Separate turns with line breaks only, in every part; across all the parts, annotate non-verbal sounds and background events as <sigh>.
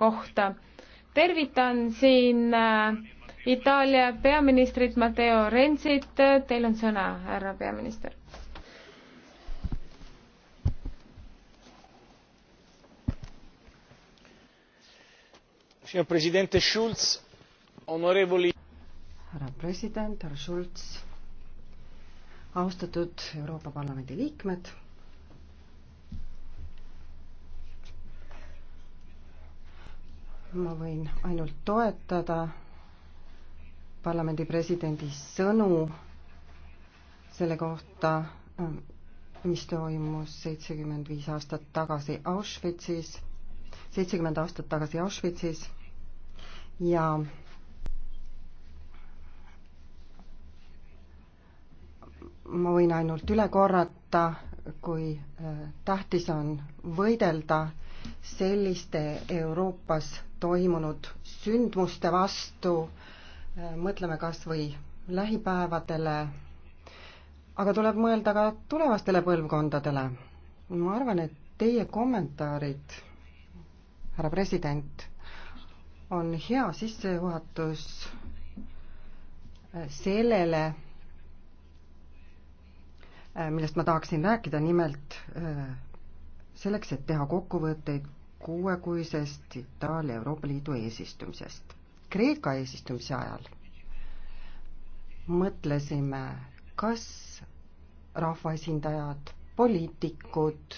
kohta. tervitan siin äh, Itaalia peaministrit Matteo Renzit, teil on sõna, härra peaminister.
härra president härra schulz austatud euroopa parlamendi liikmed ma võin ainult toetada parlamendi presidendi sõnu selle kohta, mis toimus seitsekümmend viis aastat tagasi Auschwitzis, seitsekümmend aastat tagasi Auschwitzis ja ma võin ainult üle korrata, kui äh, tähtis on võidelda selliste Euroopas toimunud sündmuste vastu, mõtleme kas või lähipäevadele, aga tuleb mõelda ka tulevastele põlvkondadele. ma arvan, et teie kommentaarid, härra president, on hea sissejuhatus sellele, millest ma tahaksin rääkida, nimelt selleks, et teha kokkuvõtteid kuuekuisest Itaalia Euroopa Liidu eesistumisest. Kreeka eesistumise ajal mõtlesime, kas rahvaesindajad, poliitikud,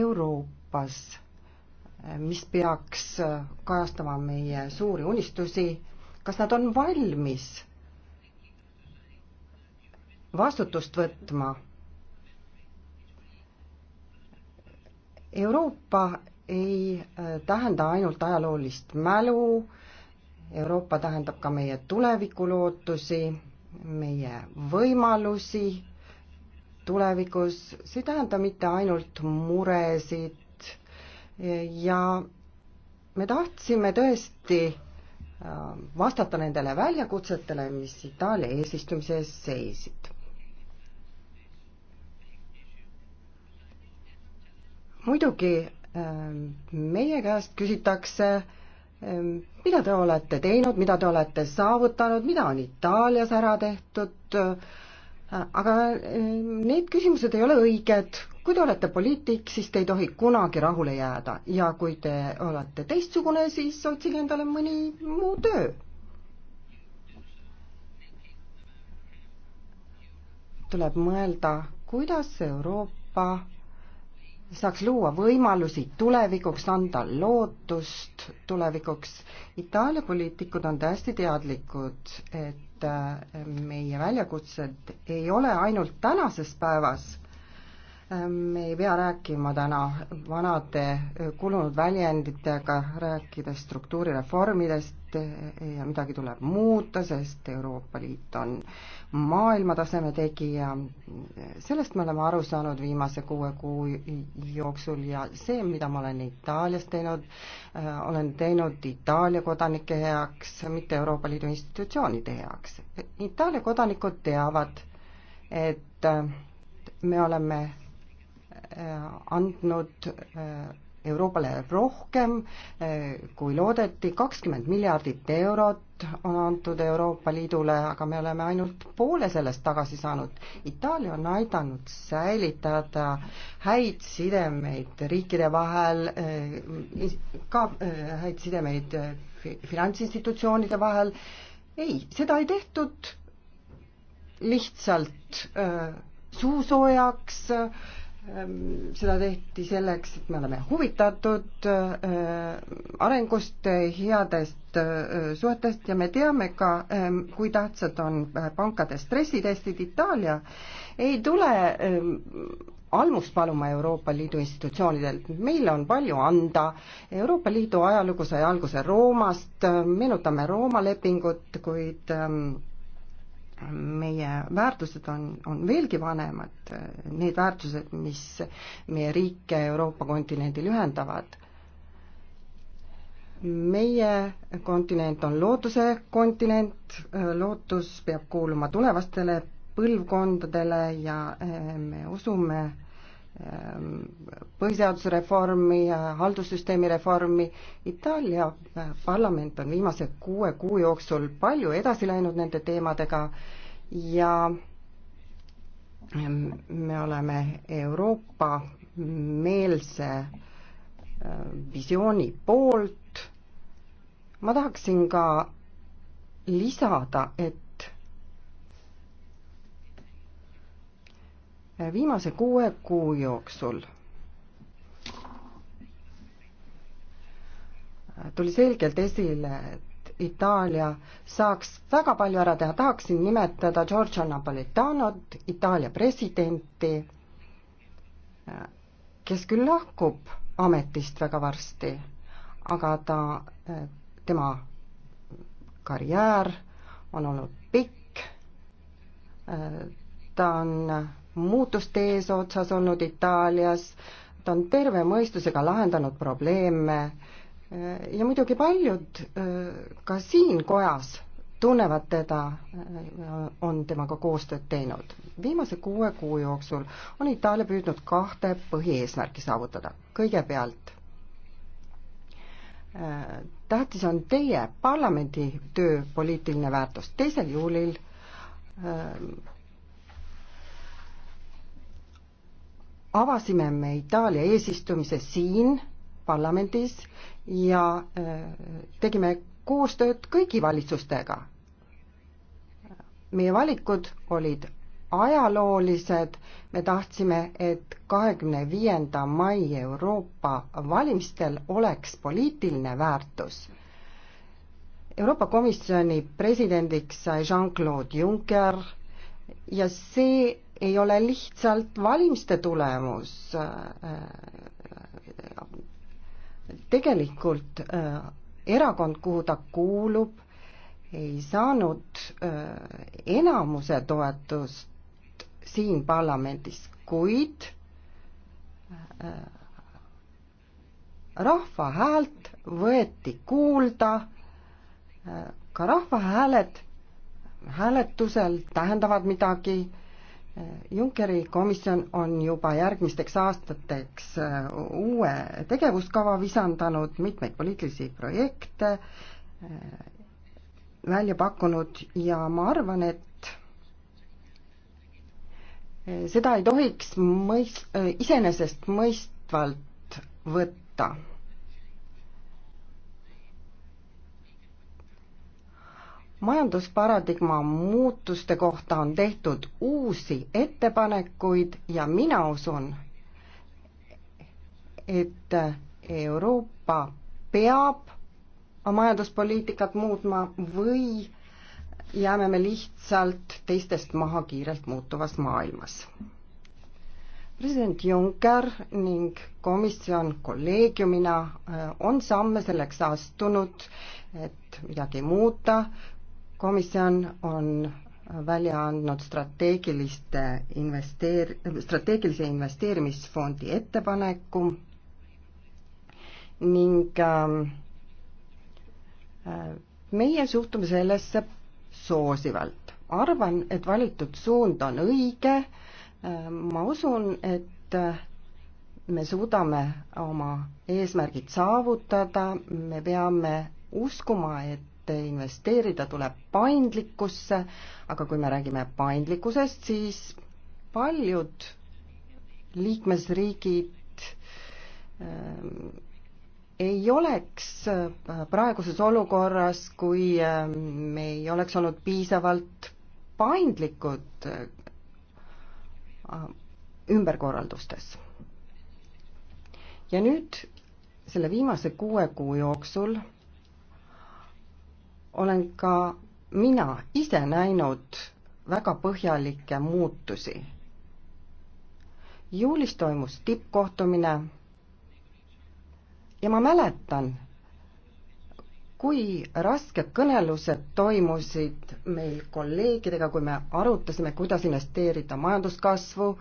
Euroopas, mis peaks kajastama meie suuri unistusi, kas nad on valmis vastutust võtma Euroopa ei äh, tähenda ainult ajaloolist mälu, Euroopa tähendab ka meie tulevikulootusi, meie võimalusi tulevikus, see ei tähenda mitte ainult muresid ja me tahtsime tõesti äh, vastata nendele väljakutsetele, mis Itaalia eesistumise ees
seisid
muidugi ähm, meie käest küsitakse, ähm, mida te olete teinud, mida te olete saavutanud, mida on Itaalias ära tehtud, äh, aga ähm, need küsimused ei ole õiged. kui te olete poliitik, siis te ei tohi kunagi rahule jääda ja kui te olete teistsugune, siis otsige endale mõni muu töö. tuleb mõelda, kuidas Euroopa saaks luua võimalusi tulevikuks, anda lootust tulevikuks. Itaalia poliitikud on täiesti teadlikud, et äh, meie väljakutsed ei ole ainult tänases päevas, äh, me ei pea rääkima täna vanade äh, kulunud väljenditega, rääkida struktuurireformidest, Eh, ja midagi tuleb muuta, sest Euroopa Liit on maailmataseme tegija. sellest me oleme aru saanud viimase kuue kuu jooksul ja see, mida ma olen Itaalias teinud, eh, olen teinud Itaalia kodanike heaks, mitte Euroopa Liidu institutsioonide heaks. Itaalia kodanikud teavad, et me oleme eh, andnud Euroopale rohkem, eh, kui loodeti, kakskümmend miljardit eurot on antud Euroopa Liidule, aga me oleme ainult poole sellest tagasi saanud. Itaalia on aidanud säilitada häid sidemeid riikide vahel, eh, ka eh, häid sidemeid finantsinstitutsioonide vahel, ei, seda ei tehtud lihtsalt suusoojaks äh, Ehm, seda tehti selleks, et me oleme huvitatud ehm, arengust, headest ehm, suhetest ja me teame ka, kui tähtsad on äh, pankade stressitestid. Itaalia ei tule almust paluma Euroopa Liidu institutsioonidelt, meile on palju anda, Euroopa Liidu ajalugu sai alguse Roomast, meenutame Rooma lepingut, kuid ähm, meie väärtused on, on veelgi vanemad, need väärtused, mis meie riike Euroopa kontinendil ühendavad. meie kontinent on looduse kontinent, lootus peab kuuluma tulevastele põlvkondadele ja eh, me usume Ehm, põhiseaduse reformi ja haldussüsteemi reformi. Itaalia äh, parlament on viimase kuue kuu jooksul palju edasi läinud nende teemadega ja ehm, me oleme Euroopa meelse äh, visiooni poolt. ma tahaksin ka lisada, et viimase kuue kuu jooksul tuli selgelt esile, et Itaalia saaks väga palju ära teha, tahaksin nimetada Giorgio Napolitanot, Itaalia presidenti, kes küll lahkub ametist väga varsti, aga ta, tema karjäär on olnud pikk, ta on muutuste eesotsas olnud Itaalias, ta on terve mõistusega lahendanud probleeme ja muidugi paljud äh, ka siin kojas tunnevad teda, äh, on temaga koostööd teinud. viimase kuue kuu jooksul on Itaalia püüdnud kahte põhieesmärki saavutada. kõigepealt äh, tähtis on teie parlamendi töö poliitiline väärtus. teisel juulil avasime me Itaalia eesistumise siin parlamendis ja äh, tegime koostööd kõigi valitsustega. meie valikud olid ajaloolised, me tahtsime, et kahekümne viienda mai Euroopa valimistel oleks poliitiline väärtus. Euroopa Komisjoni presidendiks sai Jean-Claude Juncker ja see ei ole lihtsalt valimiste tulemus. Äh, tegelikult äh, erakond, kuhu ta kuulub, ei saanud äh, enamuse toetust siin parlamendis, kuid rahva häält võeti kuulda, ka rahvahääled hääletusel tähendavad midagi Junckeri komisjon on juba järgmisteks aastateks äh, uue tegevuskava visandanud, mitmeid poliitilisi projekte äh, välja pakkunud ja ma arvan, et äh, seda ei tohiks mõis-, iseenesestmõistvalt võtta majandusparadigma muutuste kohta on tehtud uusi ettepanekuid ja mina usun, et Euroopa peab majanduspoliitikat muutma või jääme me lihtsalt teistest maha kiirelt muutuvas maailmas. president Juncker ning komisjon kolleegiumina äh, on samme selleks astunud, et midagi muuta, komisjon on välja andnud strateegiliste investeer-, strateegilise investeerimisfondi ettepaneku ning ähm, äh, meie suhtume sellesse soosivalt. arvan, et valitud suund on õige, äh, ma usun, et äh, me suudame oma eesmärgid saavutada, me peame uskuma, et investeerida tuleb paindlikkusse, aga kui me räägime paindlikkusest, siis paljud liikmesriigid ähm, ei oleks äh, praeguses olukorras, kui äh, me ei oleks olnud piisavalt paindlikud äh, ümberkorraldustes. ja nüüd selle viimase kuue kuu jooksul olen ka mina ise näinud väga põhjalikke muutusi. juulis toimus tippkohtumine ja ma mäletan, kui rasked kõnelused toimusid meil kolleegidega, kui me arutasime, kuidas investeerida majanduskasvu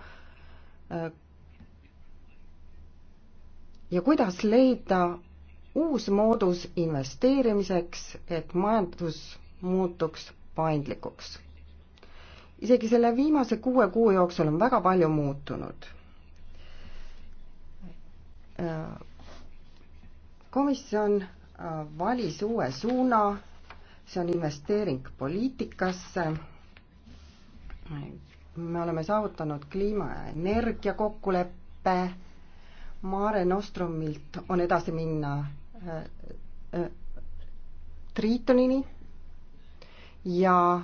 äh, ja kuidas leida uus moodus investeerimiseks, et majandus muutuks paindlikuks. isegi selle viimase kuue kuu jooksul on väga palju muutunud. Äh, komisjon äh, valis uue suuna, see on investeering poliitikasse. me oleme saavutanud kliima ja energia kokkuleppe Mare Nostrumilt on edasi minna Äh, äh, Triitonini ja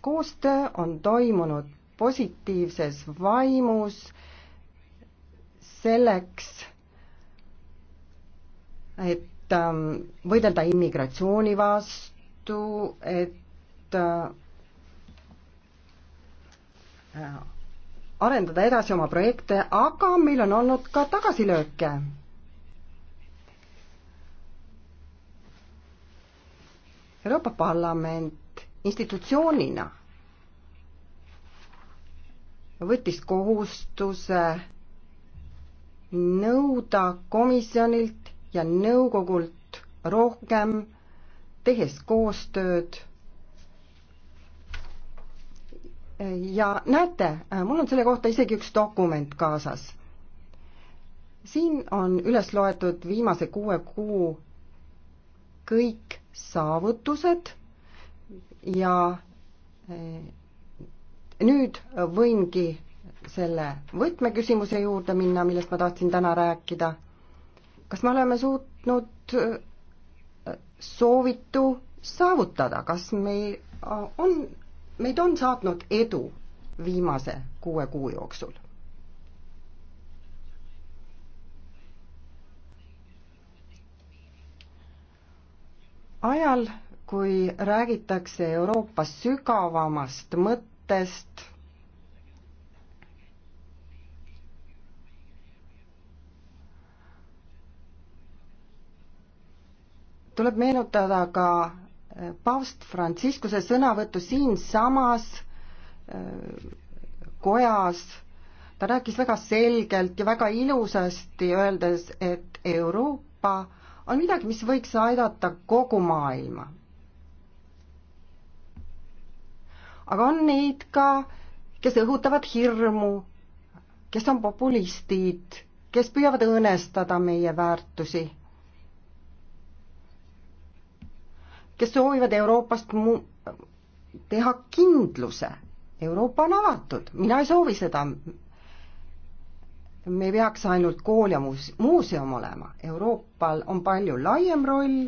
koostöö on toimunud positiivses vaimus selleks, et ähm, võidelda immigratsiooni vastu, et äh, arendada edasi oma projekte, aga meil on olnud ka tagasilööke. Euroopa Parlament institutsioonina võttis kohustuse nõuda komisjonilt ja nõukogult rohkem, tehes koostööd ja näete, mul on selle kohta isegi üks dokument kaasas. siin on üles loetud viimase kuue kuu kõik saavutused ja eh, nüüd võingi selle võtmeküsimuse juurde minna, millest ma tahtsin täna rääkida. kas me oleme suutnud eh, soovitu saavutada, kas meil eh, on meid on saatnud edu viimase kuue kuu jooksul. ajal, kui räägitakse Euroopa sügavamast mõttest, tuleb meenutada ka paavst Franciscuse sõnavõttu siinsamas äh, kojas. ta rääkis väga selgelt ja väga ilusasti, öeldes, et Euroopa on midagi, mis võiks aidata kogu maailma. aga on neid ka, kes õhutavad hirmu, kes on populistid, kes püüavad õõnestada meie väärtusi kes soovivad Euroopast mu-, teha kindluse. Euroopa on avatud, mina ei soovi seda. me ei peaks ainult kool ja muus-, muuseum olema, Euroopal on palju laiem roll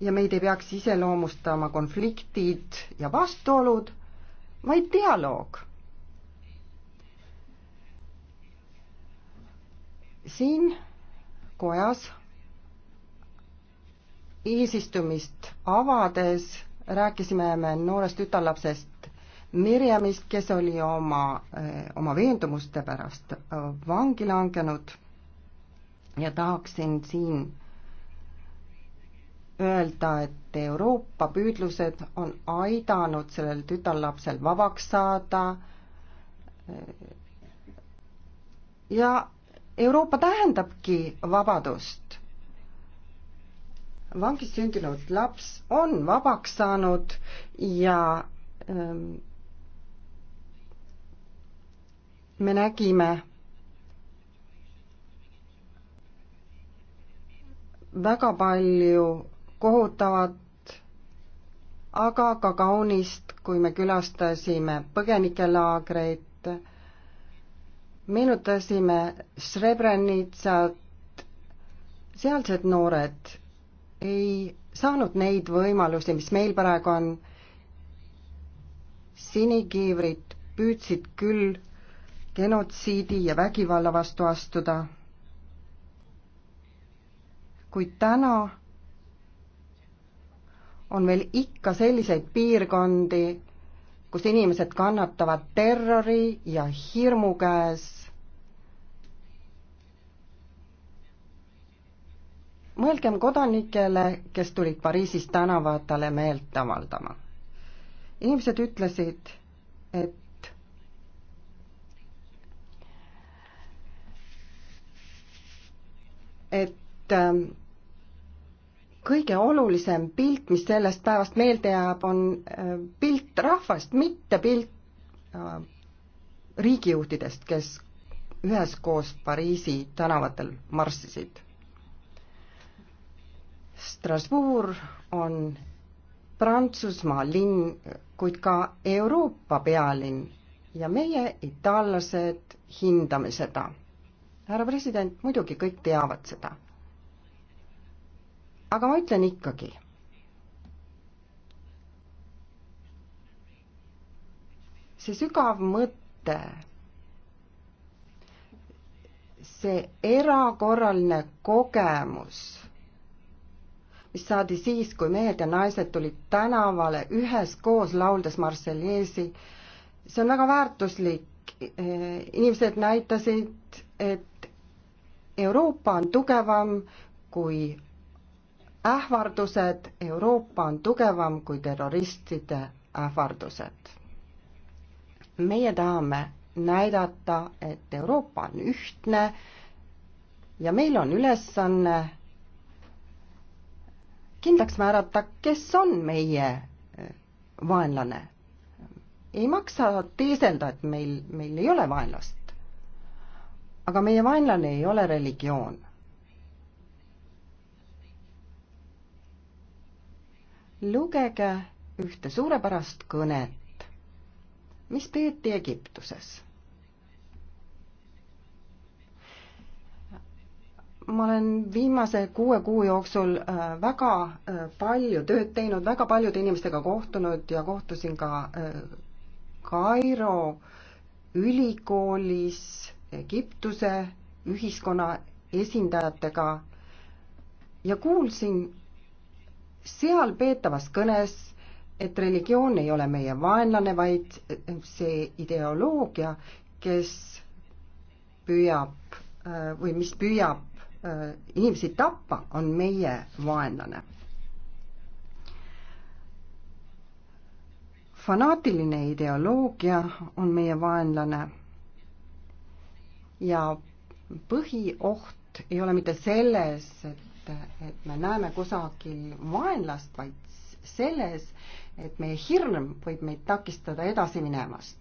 ja meid ei peaks iseloomustama konfliktid ja vastuolud, vaid dialoog. siin kojas eesistumist avades rääkisime me noorest tütarlapsest Mirjamist, kes oli oma, eh, oma veendumuste pärast eh, vangi langenud ja tahaksin siin öelda, et Euroopa püüdlused on aidanud sellel tütarlapsel vabaks saada eh, ja Euroopa tähendabki vabadust vangis sündinud laps on vabaks saanud ja ähm, me nägime väga palju kohutavat, aga ka kaunist, kui me külastasime põgenikelaagreid, meenutasime Srebrenitsat, sealsed noored ei saanud neid võimalusi, mis meil praegu on. sinikiivrid püüdsid küll genotsiidi ja vägivalla vastu astuda, kuid täna on meil ikka selliseid piirkondi, kus inimesed kannatavad terrori ja hirmu käes mõelgem kodanikele, kes tulid Pariisis tänavatele meelt avaldama. inimesed ütlesid, et et ähm, kõige olulisem pilt, mis sellest päevast meelde jääb, on äh, pilt rahvast, mitte pilt äh, riigijuhtidest, kes üheskoos Pariisi tänavatel marssisid Strasbourg on Prantsusmaa linn, kuid ka Euroopa pealinn ja meie, itaallased, hindame seda. härra president, muidugi kõik teavad seda. aga ma ütlen ikkagi. see sügav mõte, see erakorraline kogemus mis saadi siis, kui mehed ja naised tulid tänavale üheskoos lauldes Marseliesi. see on väga väärtuslik. inimesed näitasid, et Euroopa on tugevam kui ähvardused, Euroopa on tugevam kui terroristide ähvardused. meie tahame näidata, et Euroopa on ühtne ja meil on ülesanne kindlaks määrata, kes on meie eh, vaenlane. ei maksa teeselda, et meil, meil ei ole vaenlast. aga meie vaenlane ei ole religioon. lugege ühte suurepärast kõnet, mis peeti Egiptuses ma olen viimase kuue kuu jooksul äh, väga äh, palju tööd teinud, väga paljude inimestega kohtunud ja kohtusin ka äh, Kairo ülikoolis Egiptuse ühiskonna esindajatega ja kuulsin seal peetavas kõnes, et religioon ei ole meie vaenlane, vaid see ideoloogia, kes püüab või mis püüab Äh, inimesi tappa, on meie vaenlane. fanaatiline ideoloogia on meie vaenlane ja põhioht ei ole mitte selles, et, et me näeme kusagil vaenlast, vaid selles, et meie hirm võib meid takistada edasi minemast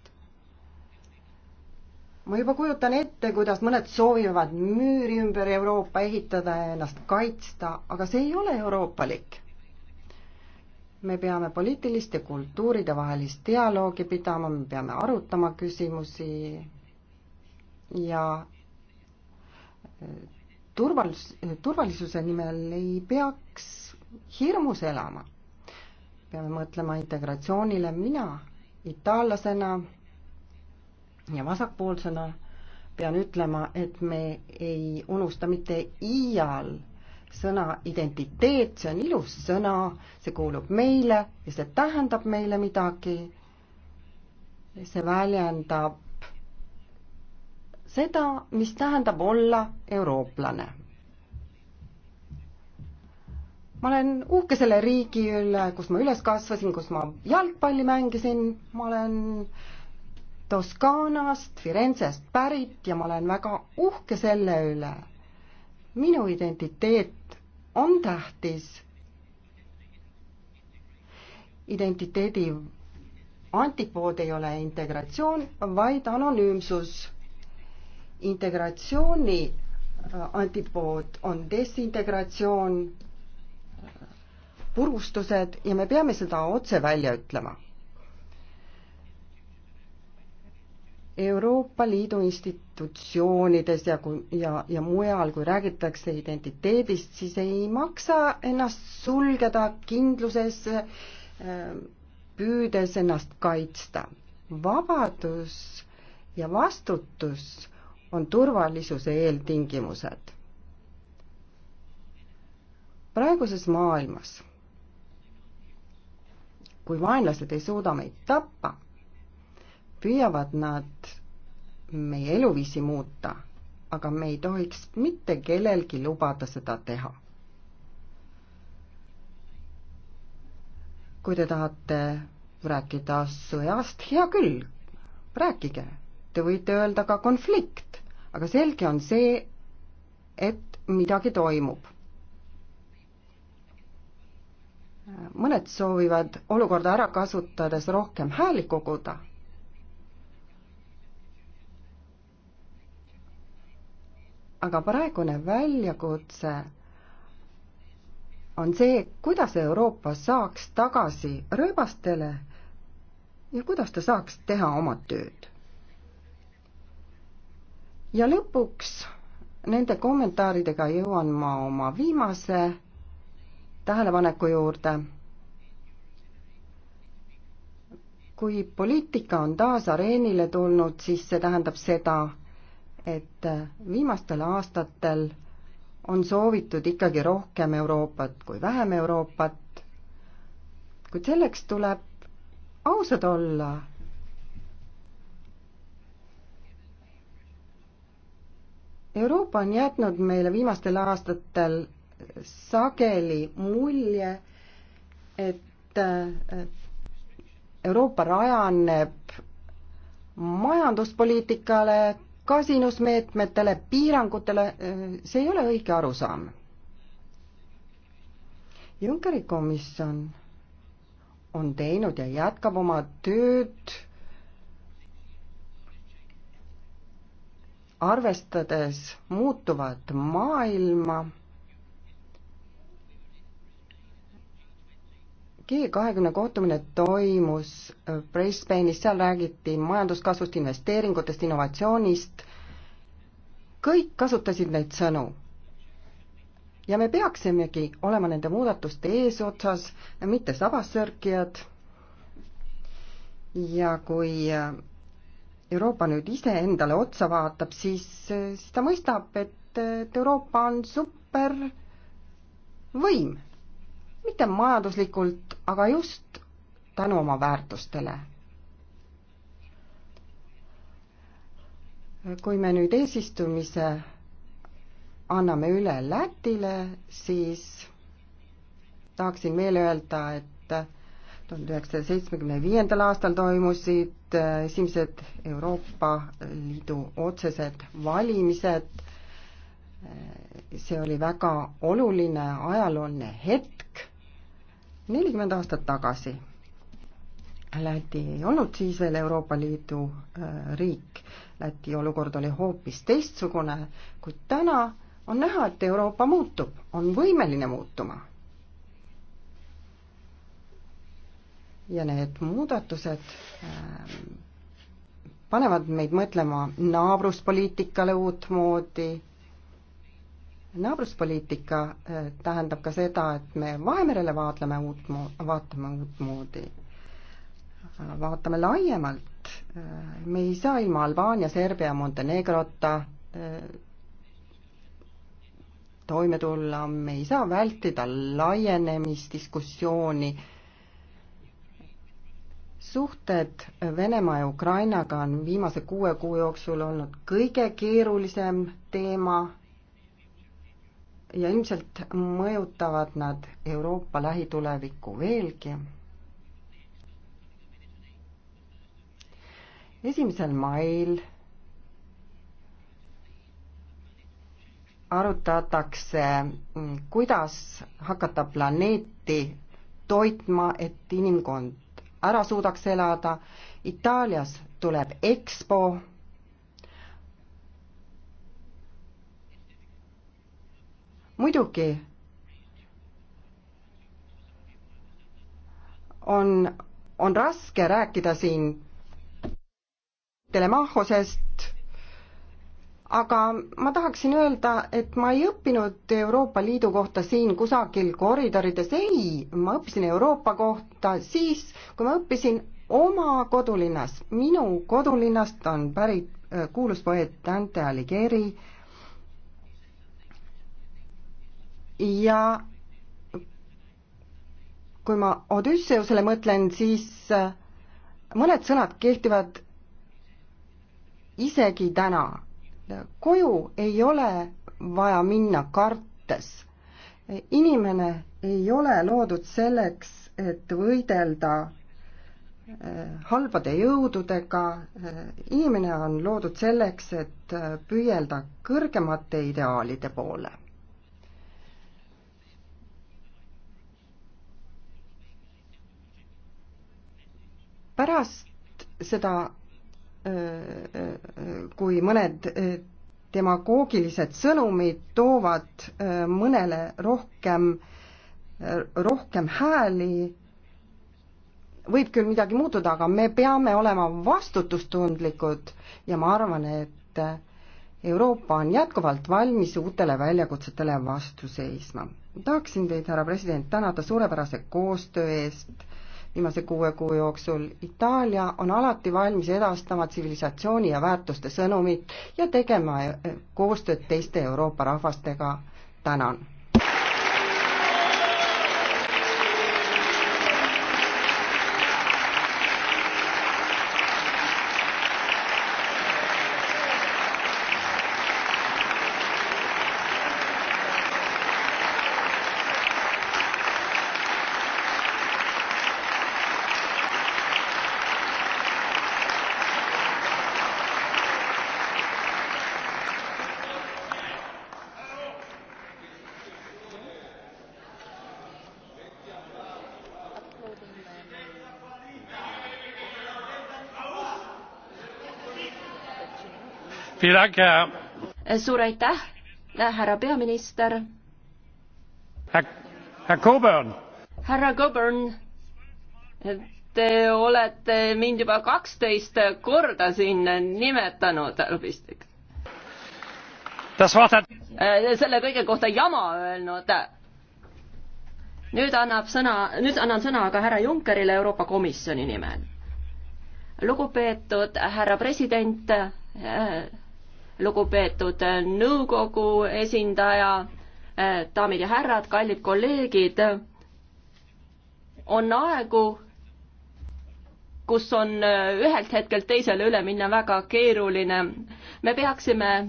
ma juba kujutan ette, kuidas mõned soovivad müüri ümber Euroopa ehitada ja ennast kaitsta, aga see ei ole euroopalik. me peame poliitilist ja kultuuride vahelist dialoogi pidama, me peame arutama küsimusi ja eh, turvalis-, turvalisuse nimel ei peaks hirmus elama. peame mõtlema integratsioonile, mina itaallasena ja vasakpoolsena pean ütlema, et me ei unusta mitte iial sõna identiteet, see on ilus sõna, see kuulub meile ja see tähendab meile midagi. see väljendab seda, mis tähendab olla eurooplane. ma olen uhke selle riigi üle, kus ma üles kasvasin, kus ma jalgpalli mängisin, ma olen äh, Toskaanast, Firenzest pärit ja ma olen väga uhke selle üle. minu identiteet on tähtis. identiteedi antipood ei ole integratsioon, vaid anonüümsus. integratsiooni äh, antipood on desintegratsioon, äh, purustused ja me peame seda otse välja ütlema Euroopa Liidu institutsioonides ja kui, ja, ja mujal, kui räägitakse identiteedist, siis ei maksa ennast sulgeda kindluses, ähm, püüdes ennast kaitsta. vabadus ja vastutus on turvalisuse eeltingimused. praeguses maailmas, kui vaenlased ei suuda meid tappa püüavad nad meie eluviisi muuta, aga me ei tohiks mitte kellelgi lubada seda teha. kui te tahate rääkida sõjast, hea küll, rääkige. Te võite öelda ka konflikt, aga selge on see, et midagi toimub mõned soovivad olukorda ära kasutades rohkem hääli koguda, aga praegune väljakutse on see, kuidas Euroopa saaks tagasi rööbastele ja kuidas ta saaks teha oma tööd. ja lõpuks nende kommentaaridega jõuan ma oma viimase tähelepaneku juurde. kui poliitika on taas areenile tulnud, siis see tähendab seda, et äh, viimastel aastatel on soovitud ikkagi rohkem Euroopat kui vähem Euroopat, kuid selleks tuleb ausad olla. Euroopa on jätnud meile viimastel aastatel sageli mulje, et äh, Euroopa rajaneb majanduspoliitikale, kasinusmeetmetele, piirangutele, see ei ole õige arusaam. Junckeri komisjon on teinud ja jätkab oma tööd arvestades muutuvat maailma G kahekümne kohtumine toimus äh, Brisbane'is, seal räägiti majanduskasvust, investeeringutest, innovatsioonist, kõik kasutasid neid sõnu. ja me peaksimegi olema nende muudatuste eesotsas, mitte sabassörkijad ja kui äh, Euroopa nüüd iseendale otsa vaatab, siis, äh, siis ta mõistab, et, et Euroopa on supervõim mitte majanduslikult, aga just tänu oma väärtustele. kui me nüüd eesistumise anname üle Lätile, siis tahaksin veel öelda, et tuhande üheksasaja seitsmekümne viiendal aastal toimusid äh, esimesed Euroopa Liidu otsesed valimised. Äh, see oli väga oluline ajalooline hetk nelikümmend aastat tagasi Läti ei olnud siis veel Euroopa Liidu äh, riik, Läti olukord oli hoopis teistsugune, kuid täna on näha, et Euroopa muutub, on võimeline muutuma. ja need muudatused äh, panevad meid mõtlema naabruspoliitikale uutmoodi naabruspoliitika eh, tähendab ka seda, et me Vahemerele vaatleme uut mo-, vaatame uutmoodi. Eh, vaatame laiemalt, eh, me ei saa ilma Albaania, Serbia, Montenegrota toime tulla, me ei saa vältida laienemisdiskussiooni, suhted Venemaa ja Ukrainaga on viimase kuue kuu jooksul olnud kõige keerulisem teema ja ilmselt mõjutavad nad Euroopa lähitulevikku veelgi. esimesel mail arutatakse, kuidas hakata planeeti toitma, et inimkond ära suudaks elada. Itaalias tuleb EXPO muidugi on, on raske rääkida siin telemahhosest, aga ma tahaksin öelda, et ma ei õppinud Euroopa Liidu kohta siin kusagil koridorides, ei, ma õppisin Euroopa kohta siis, kui ma õppisin oma kodulinnas, minu kodulinnast on pärit kuulus poeet Dante Alighieri, ja kui ma Odüsseusele mõtlen, siis äh, mõned sõnad kehtivad isegi täna. koju ei ole vaja minna kartes. inimene ei ole loodud selleks, et võidelda äh, halbade jõududega, inimene on loodud selleks, et äh, püüelda kõrgemate ideaalide poole pärast seda, kui mõned demagoogilised sõnumid toovad mõnele rohkem, rohkem hääli, võib küll midagi muutuda, aga me peame olema vastutustundlikud ja ma arvan, et Euroopa on jätkuvalt valmis uutele väljakutsetele vastu seisma. tahaksin teid, härra president, tänada suurepärase koostöö eest viimase kuue kuu jooksul. Itaalia on alati valmis edastama tsivilisatsiooni ja väärtuste sõnumit ja tegema eh, koostööd teiste Euroopa rahvastega. tänan
suur aitäh, härra peaminister.
härra
Coburn, te olete mind juba kaksteist korda siin nimetanud lobistiks. Äh, selle kõige kohta jama öelnud. nüüd annab sõna, nüüd annan sõna aga härra Junckerile Euroopa Komisjoni nimel. lugupeetud härra president äh,, lugupeetud äh, nõukogu esindaja, äh, daamid ja härrad, kallid kolleegid. on aegu, kus on äh, ühelt hetkelt teisele üle minna väga keeruline. me peaksime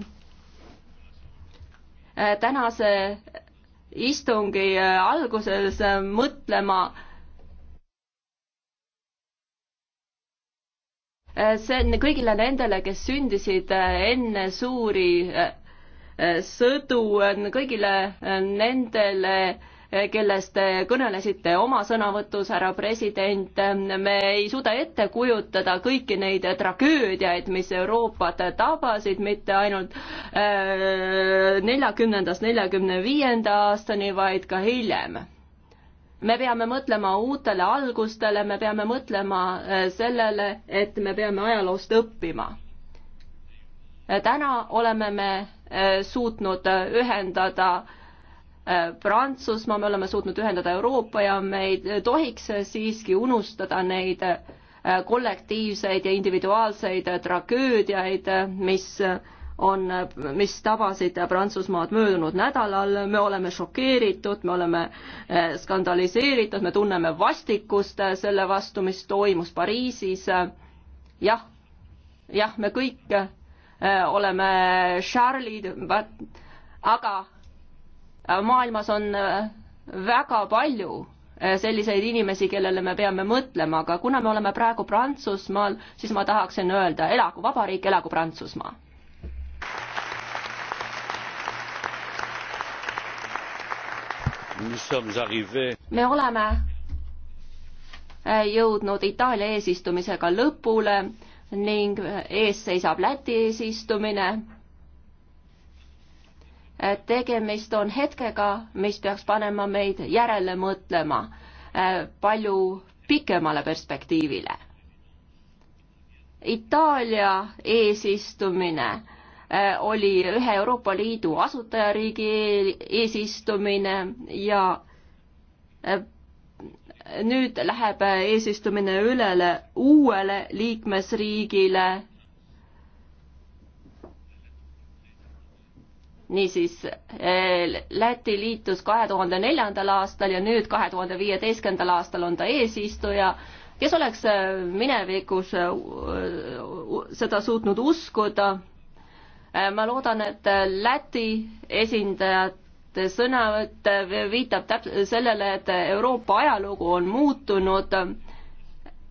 tänase istungi alguses mõtlema Äh, see on kõigile nendele, kes sündisid äh, enne suuri äh, sõdu, kõigile nendele, kellest te kõnelesite oma sõnavõtus, härra president, me ei suuda ette kujutada kõiki neid tragöödiaid, mis Euroopat tabasid, mitte ainult neljakümnendast neljakümne viienda aastani, vaid ka hiljem me peame mõtlema uutele algustele, me peame mõtlema äh, sellele, et me peame ajaloost õppima. Äh, täna oleme me äh, suutnud ühendada Prantsusmaa, me oleme suutnud ühendada Euroopa ja me ei tohiks siiski unustada neid kollektiivseid ja individuaalseid tragöödiaid, mis on, mis tabasid Prantsusmaad möödunud nädalal, me oleme šokeeritud, me oleme eh, skandaliseeritud, me tunneme vastikust eh, selle vastu, mis toimus Pariisis. jah, jah, me kõik eh, oleme Charlie'd, aga maailmas on väga palju selliseid inimesi, kellele me peame mõtlema, aga kuna me oleme praegu Prantsusmaal, siis ma tahaksin öelda, elagu vabariik, elagu Prantsusmaa me oleme äh, jõudnud Itaalia eesistumisega lõpule ning äh, ees seisab Läti eesistumine. Äh, tegemist on hetkega, mis peaks panema meid järele mõtlema palju pikemale perspektiivile. Itaalia eesistumine Äh, oli ühe Euroopa Liidu asutajariigi eesistumine ja äh, nüüd läheb eesistumine ülele uuele liikmesriigile niisiis äh, Läti liitus kahe tuhande neljandal aastal ja nüüd kahe tuhande viieteistkümnendal aastal on ta eesistuja, kes oleks minevikus seda suutnud uskuda Äh, ma loodan, et äh, Läti esindajate sõnavõtt äh, viitab täp-, sellele, et Euroopa ajalugu on muutunud,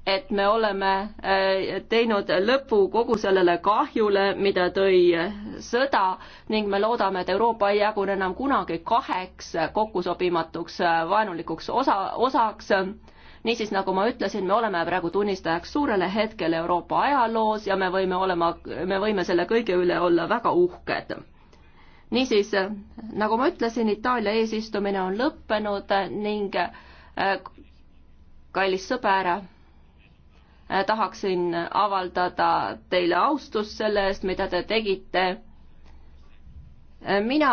et me oleme teinud lõpu kogu sellele kahjule, mida tõi sõda ning me loodame, et Euroopa ei jagune enam kunagi kaheks kokkusobimatuks vaenulikuks osa, osaks niisiis, nagu ma ütlesin, me oleme praegu tunnistajaks suurele hetkele Euroopa ajaloos ja me võime olema, me võime selle kõige üle olla väga uhked. niisiis, nagu ma ütlesin, Itaalia eesistumine on lõppenud ning äh, kallis sõber, äh, tahaksin avaldada teile austust selle eest, mida te tegite. Äh, mina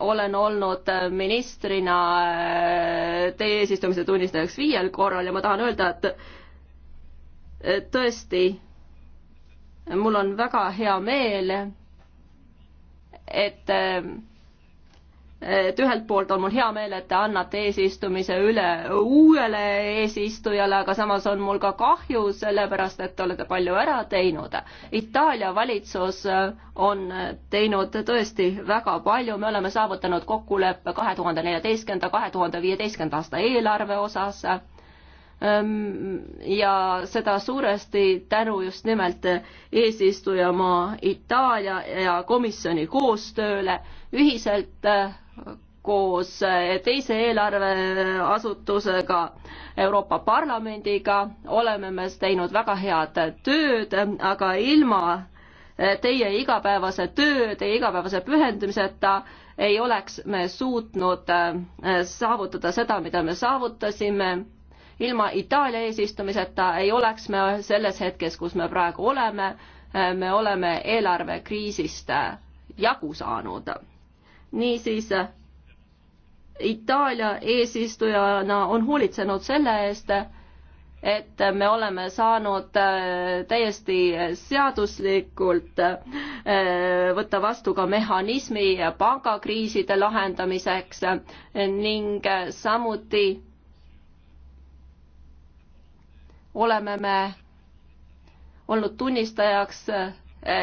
olen olnud ministrina äh, teie eesistumise tunnistajaks viiel korral ja ma tahan öelda, et tõesti, mul on väga hea meel, et äh, et ühelt poolt on mul hea meel, et te annate eesistumise üle uuele eesistujale, aga samas on mul ka kahju, sellepärast et te olete palju ära teinud. Itaalia valitsus on teinud tõesti väga palju, me oleme saavutanud kokkuleppe kahe tuhande neljateistkümnenda, kahe tuhande viieteistkümnenda aasta eelarve osas ehm, ja seda suuresti tänu just nimelt eesistujamaa Itaalia ja komisjoni koostööle. ühiselt koos teise eelarveasutusega, Euroopa Parlamendiga, oleme me teinud väga head tööd, aga ilma teie igapäevase töö, teie igapäevase pühendumiseta ei oleks me suutnud äh, saavutada seda, mida me saavutasime. ilma Itaalia eesistumiseta ei oleks me selles hetkes, kus me praegu oleme, äh, me oleme eelarvekriisist äh, jagu saanud niisiis Itaalia eesistujana on hoolitsenud selle eest, et me oleme saanud äh, täiesti seaduslikult äh, võtta vastu ka mehhanismi pangakriiside lahendamiseks ning samuti oleme me olnud tunnistajaks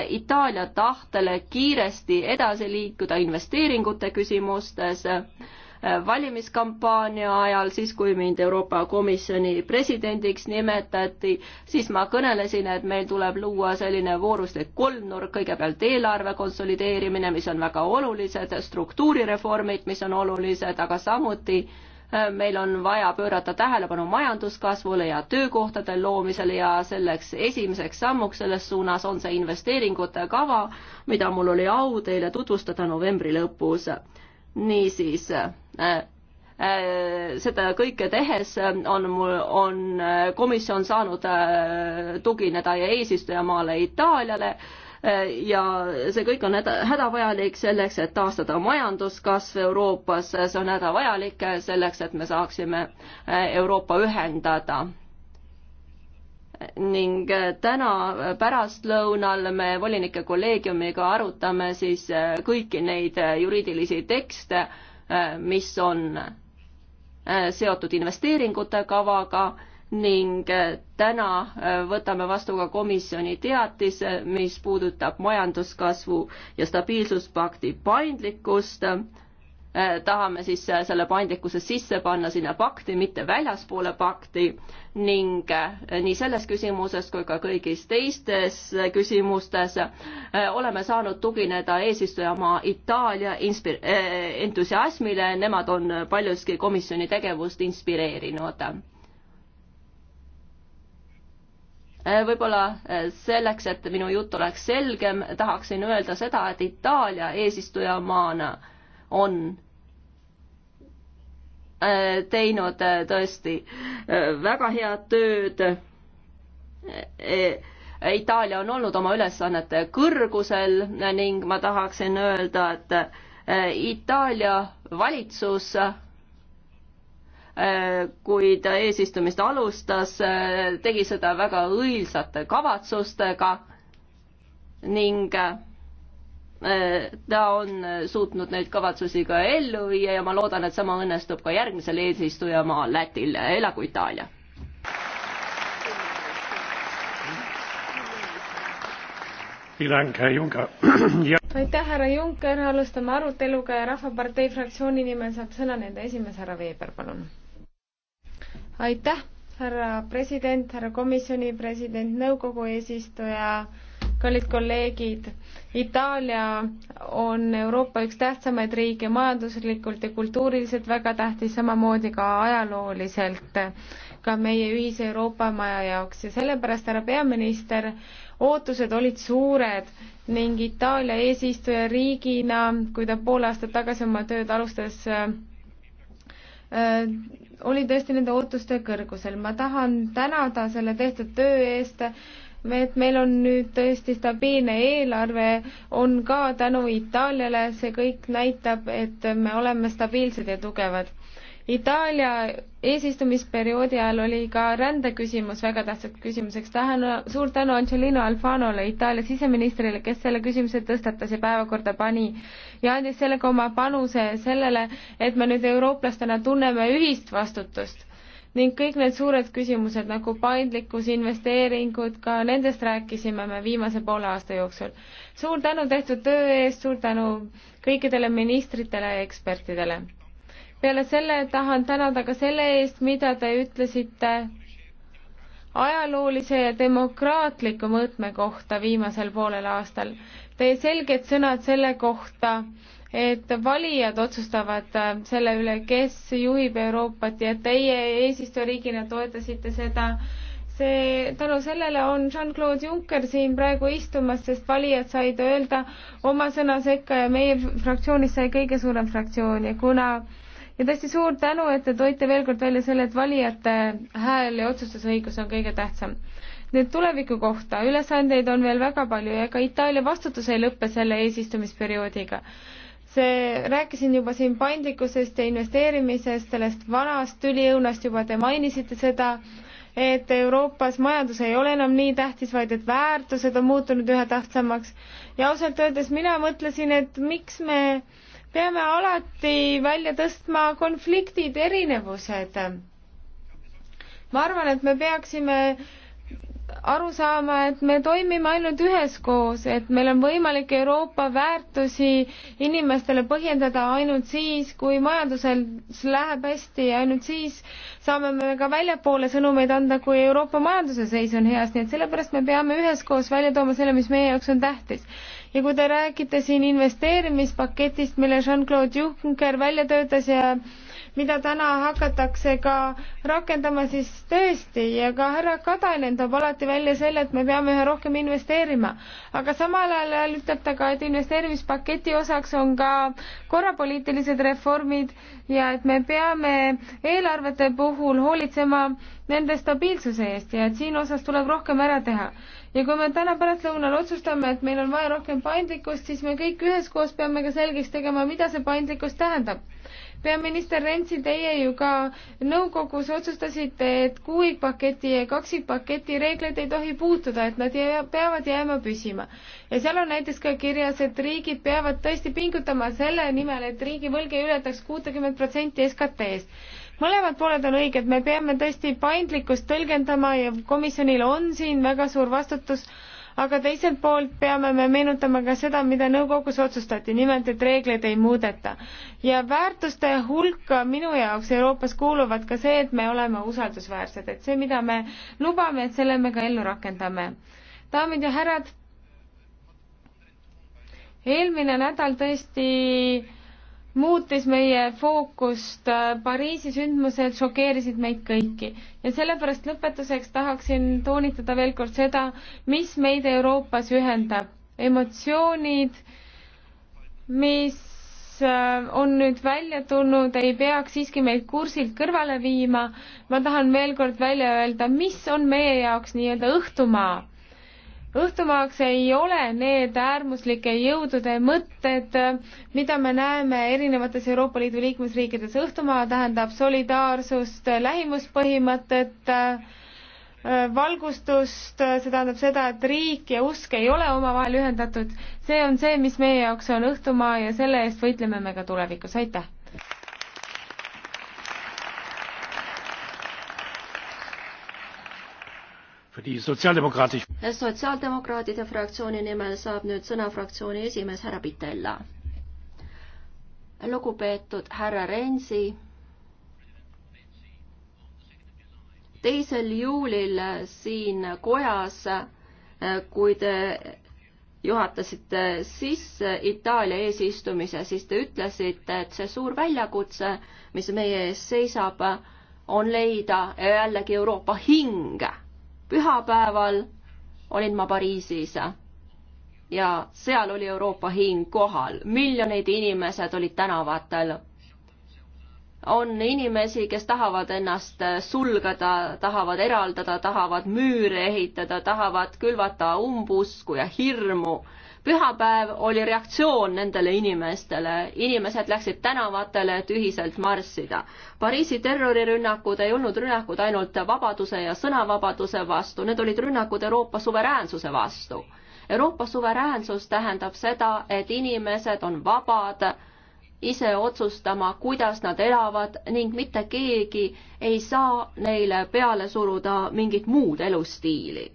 Itaalia tahtele kiiresti edasi liikuda investeeringute küsimustes äh, valimiskampaania ajal, siis kui mind Euroopa Komisjoni presidendiks nimetati, siis ma kõnelesin, et meil tuleb luua selline vooruslik kolmnurk, kõigepealt eelarve konsolideerimine, mis on väga olulised, struktuurireformid, mis on olulised, aga samuti äh, meil on vaja pöörata tähelepanu majanduskasvule ja töökohtade loomisele ja selleks esimeseks sammuks selles suunas on see investeeringute kava, mida mul oli au teile tutvustada novembri lõpus. niisiis äh, äh, seda kõike tehes on mul, on komisjon saanud äh, tugineda ja eesistujamaale Itaaliale ja see kõik on hädavajalik selleks, et taastada majanduskasv Euroopas, see on hädavajalik selleks, et me saaksime äh, Euroopa ühendada ning äh, täna pärastlõunal me volinike kolleegiumiga arutame siis äh, kõiki neid juriidilisi tekste, mis on seotud investeeringute kavaga ning äh, täna äh, võtame vastu ka komisjoni teatise, mis puudutab majanduskasvu ja stabiilsuspakti paindlikkust. Äh, tahame siis selle paindlikkuse sisse panna sinna pakti, mitte väljaspoole pakti ning nii selles küsimuses kui ka kõigis teistes küsimustes oleme saanud tugineda eesistujamaa Itaalia inspir-, entusiasmile, nemad on paljuski komisjoni tegevust inspireerinud Äh, võib-olla äh, selleks, et minu jutt oleks selgem, tahaksin öelda seda, et Itaalia eesistujamaana on äh, teinud tõesti väga head tööd. Itaalia on olnud oma ülesannete kõrgusel ning ma tahaksin öelda, et Itaalia valitsus Äh, kui ta eesistumist alustas, äh, tegi seda väga õilsate kavatsustega ning äh, ta on suutnud neid kavatsusi ka ellu viia ja ma loodan, et sama õnnestub ka järgmisel eesistujamaal Lätil, elagu Itaalia!
aitäh, härra Juncker, alustame aruteluga ja Rahvapartei fraktsiooni nimel saab sõna nende esimees härra Veeber, palun aitäh, härra president, härra komisjoni president, nõukogu eesistuja, kallid kolleegid. Itaalia on Euroopa üks tähtsamaid riike majanduslikult ja kultuuriliselt väga tähtis, samamoodi ka ajalooliselt, ka meie ühise Euroopa maja jaoks ja sellepärast, härra peaminister, ootused olid suured ning Itaalia eesistujariigina, kui ta pool aastat tagasi oma tööd alustas, Äh, oli tõesti nende ootuste kõrgusel. ma tahan tänada selle tehtud töö eest, et meil on nüüd tõesti stabiilne eelarve, on ka tänu Itaaliale, see kõik näitab, et me oleme stabiilsed ja tugevad. Itaalia eesistumisperioodi ajal oli ka rändeküsimus väga tähtsaks küsimuseks. tahan, suur tänu Angelino Alfanole, Itaalia siseministrile, kes selle küsimuse tõstatas ja päevakorda pani ja andis sellega oma panuse sellele, et me nüüd eurooplastena tunneme ühist vastutust ning kõik need suured küsimused nagu paindlikkus, investeeringud, ka nendest rääkisime me viimase poole aasta jooksul. suur tänu tehtud töö eest, suur tänu kõikidele ministritele ja ekspertidele peale selle tahan tänada ka selle eest, mida te ütlesite ajaloolise ja demokraatliku mõõtme kohta viimasel poolel aastal. Teie selged sõnad selle kohta, et valijad otsustavad äh, selle üle, kes juhib Euroopat ja teie eesistujariigina toetasite seda see, tänu sellele on Jean-Claude Juncker siin praegu istumas, sest valijad said öelda oma sõna sekka ja meie fraktsioonis sai kõige suurem fraktsioon ja kuna ja tõesti suur tänu, et te tõite veel kord välja selle, et valijate hääl ja otsustusõigus on kõige tähtsam. nüüd tuleviku kohta, ülesandeid on veel väga palju ja ka Itaalia vastutus ei lõppe selle eesistumisperioodiga see, rääkisin juba siin paindlikkusest ja investeerimisest, sellest vanast tüliõunast juba te mainisite seda, et Euroopas majandus ei ole enam nii tähtis, vaid et väärtused on muutunud üha tähtsamaks ja ausalt öeldes mina mõtlesin, et miks me äh, peame alati välja tõstma konfliktid, erinevused. ma arvan, et me peaksime aru saama, et me toimime ainult üheskoos, et meil on võimalik Euroopa väärtusi inimestele põhjendada ainult siis, kui majandusel läheb hästi ja ainult siis saame me ka väljapoole sõnumeid anda, kui Euroopa majanduse seis on heas, nii et sellepärast me peame üheskoos välja tooma selle, mis meie jaoks on tähtis ja kui te räägite siin investeerimispaketist, mille Jean-Claude Juncker välja töötas ja mida täna hakatakse ka rakendama, siis tõesti ja ka härra Katainen toob alati välja selle, et me peame üha rohkem investeerima. aga samal ajal ütleb ta ka, et investeerimispaketi osaks on ka korrapoliitilised reformid ja et me peame eelarvete puhul hoolitsema nende stabiilsuse eest ja et siin osas tuleb rohkem ära teha ja kui me täna pärastlõunal otsustame, et meil on vaja rohkem paindlikkust, siis me kõik üheskoos peame ka selgeks tegema, mida see paindlikkus tähendab peaminister Rentsil, teie ju ka nõukogus otsustasite, et kuuikpaketi ja kaksikpaketi reegleid ei tohi puutuda, et nad jää, peavad jääma püsima. ja seal on näiteks ka kirjas, et riigid peavad tõesti pingutama selle nimel, et riigivõlg ei ületaks kuutekümmet protsenti SKT-st mõlemad pooled on õiged, me peame tõesti paindlikkust tõlgendama ja komisjonil on siin väga suur vastutus aga teiselt poolt peame me meenutama ka seda, mida nõukogus otsustati, nimelt et reegleid ei muudeta. ja väärtuste hulka minu jaoks Euroopas kuuluvad ka see, et me oleme usaldusväärsed, et see, mida me lubame, et selle me ka ellu rakendame. daamid ja härrad, eelmine nädal tõesti muutis meie fookust, äh, Pariisi sündmused šokeerisid meid kõiki. ja sellepärast lõpetuseks tahaksin toonitada veel kord seda, mis meid Euroopas ühendab. emotsioonid, mis äh, on nüüd välja tulnud, ei peaks siiski meid kursilt kõrvale viima. ma tahan veel kord välja öelda, mis on meie jaoks nii-öelda õhtumaa õhtumaaks ei ole need äärmuslike jõudude mõtted, mida me näeme erinevates Euroopa Liidu liikmesriikides. õhtumaa tähendab solidaarsust, lähimuspõhimõtet, valgustust, see tähendab seda, et riik ja usk ei ole omavahel ühendatud. see on see, mis meie jaoks on õhtumaa ja selle eest võitleme me ka tulevikus, aitäh!
sotsiaaldemokraatide fraktsiooni nimel saab nüüd sõna fraktsiooni esimees härra Pitella. lugupeetud härra Rensi. teisel juulil siin kojas, kui te juhatasite sisse Itaalia eesistumise, siis te ütlesite, et see suur väljakutse, mis meie ees seisab, on leida jällegi Euroopa hinge pühapäeval olin ma Pariisis ja seal oli Euroopa hing kohal, miljonid inimesed olid tänavatel. on inimesi, kes tahavad ennast sulgeda, tahavad eraldada, tahavad müüre ehitada, tahavad külvata umbusku ja hirmu pühapäev oli reaktsioon nendele inimestele, inimesed läksid tänavatele, et ühiselt marssida. Pariisi terrorirünnakud ei olnud rünnakud ainult vabaduse ja sõnavabaduse vastu, need olid rünnakud Euroopa suveräänsuse vastu. Euroopa suveräänsus tähendab seda, et inimesed on vabad ise otsustama, kuidas nad elavad ning mitte keegi ei saa neile peale suruda mingit muud elustiili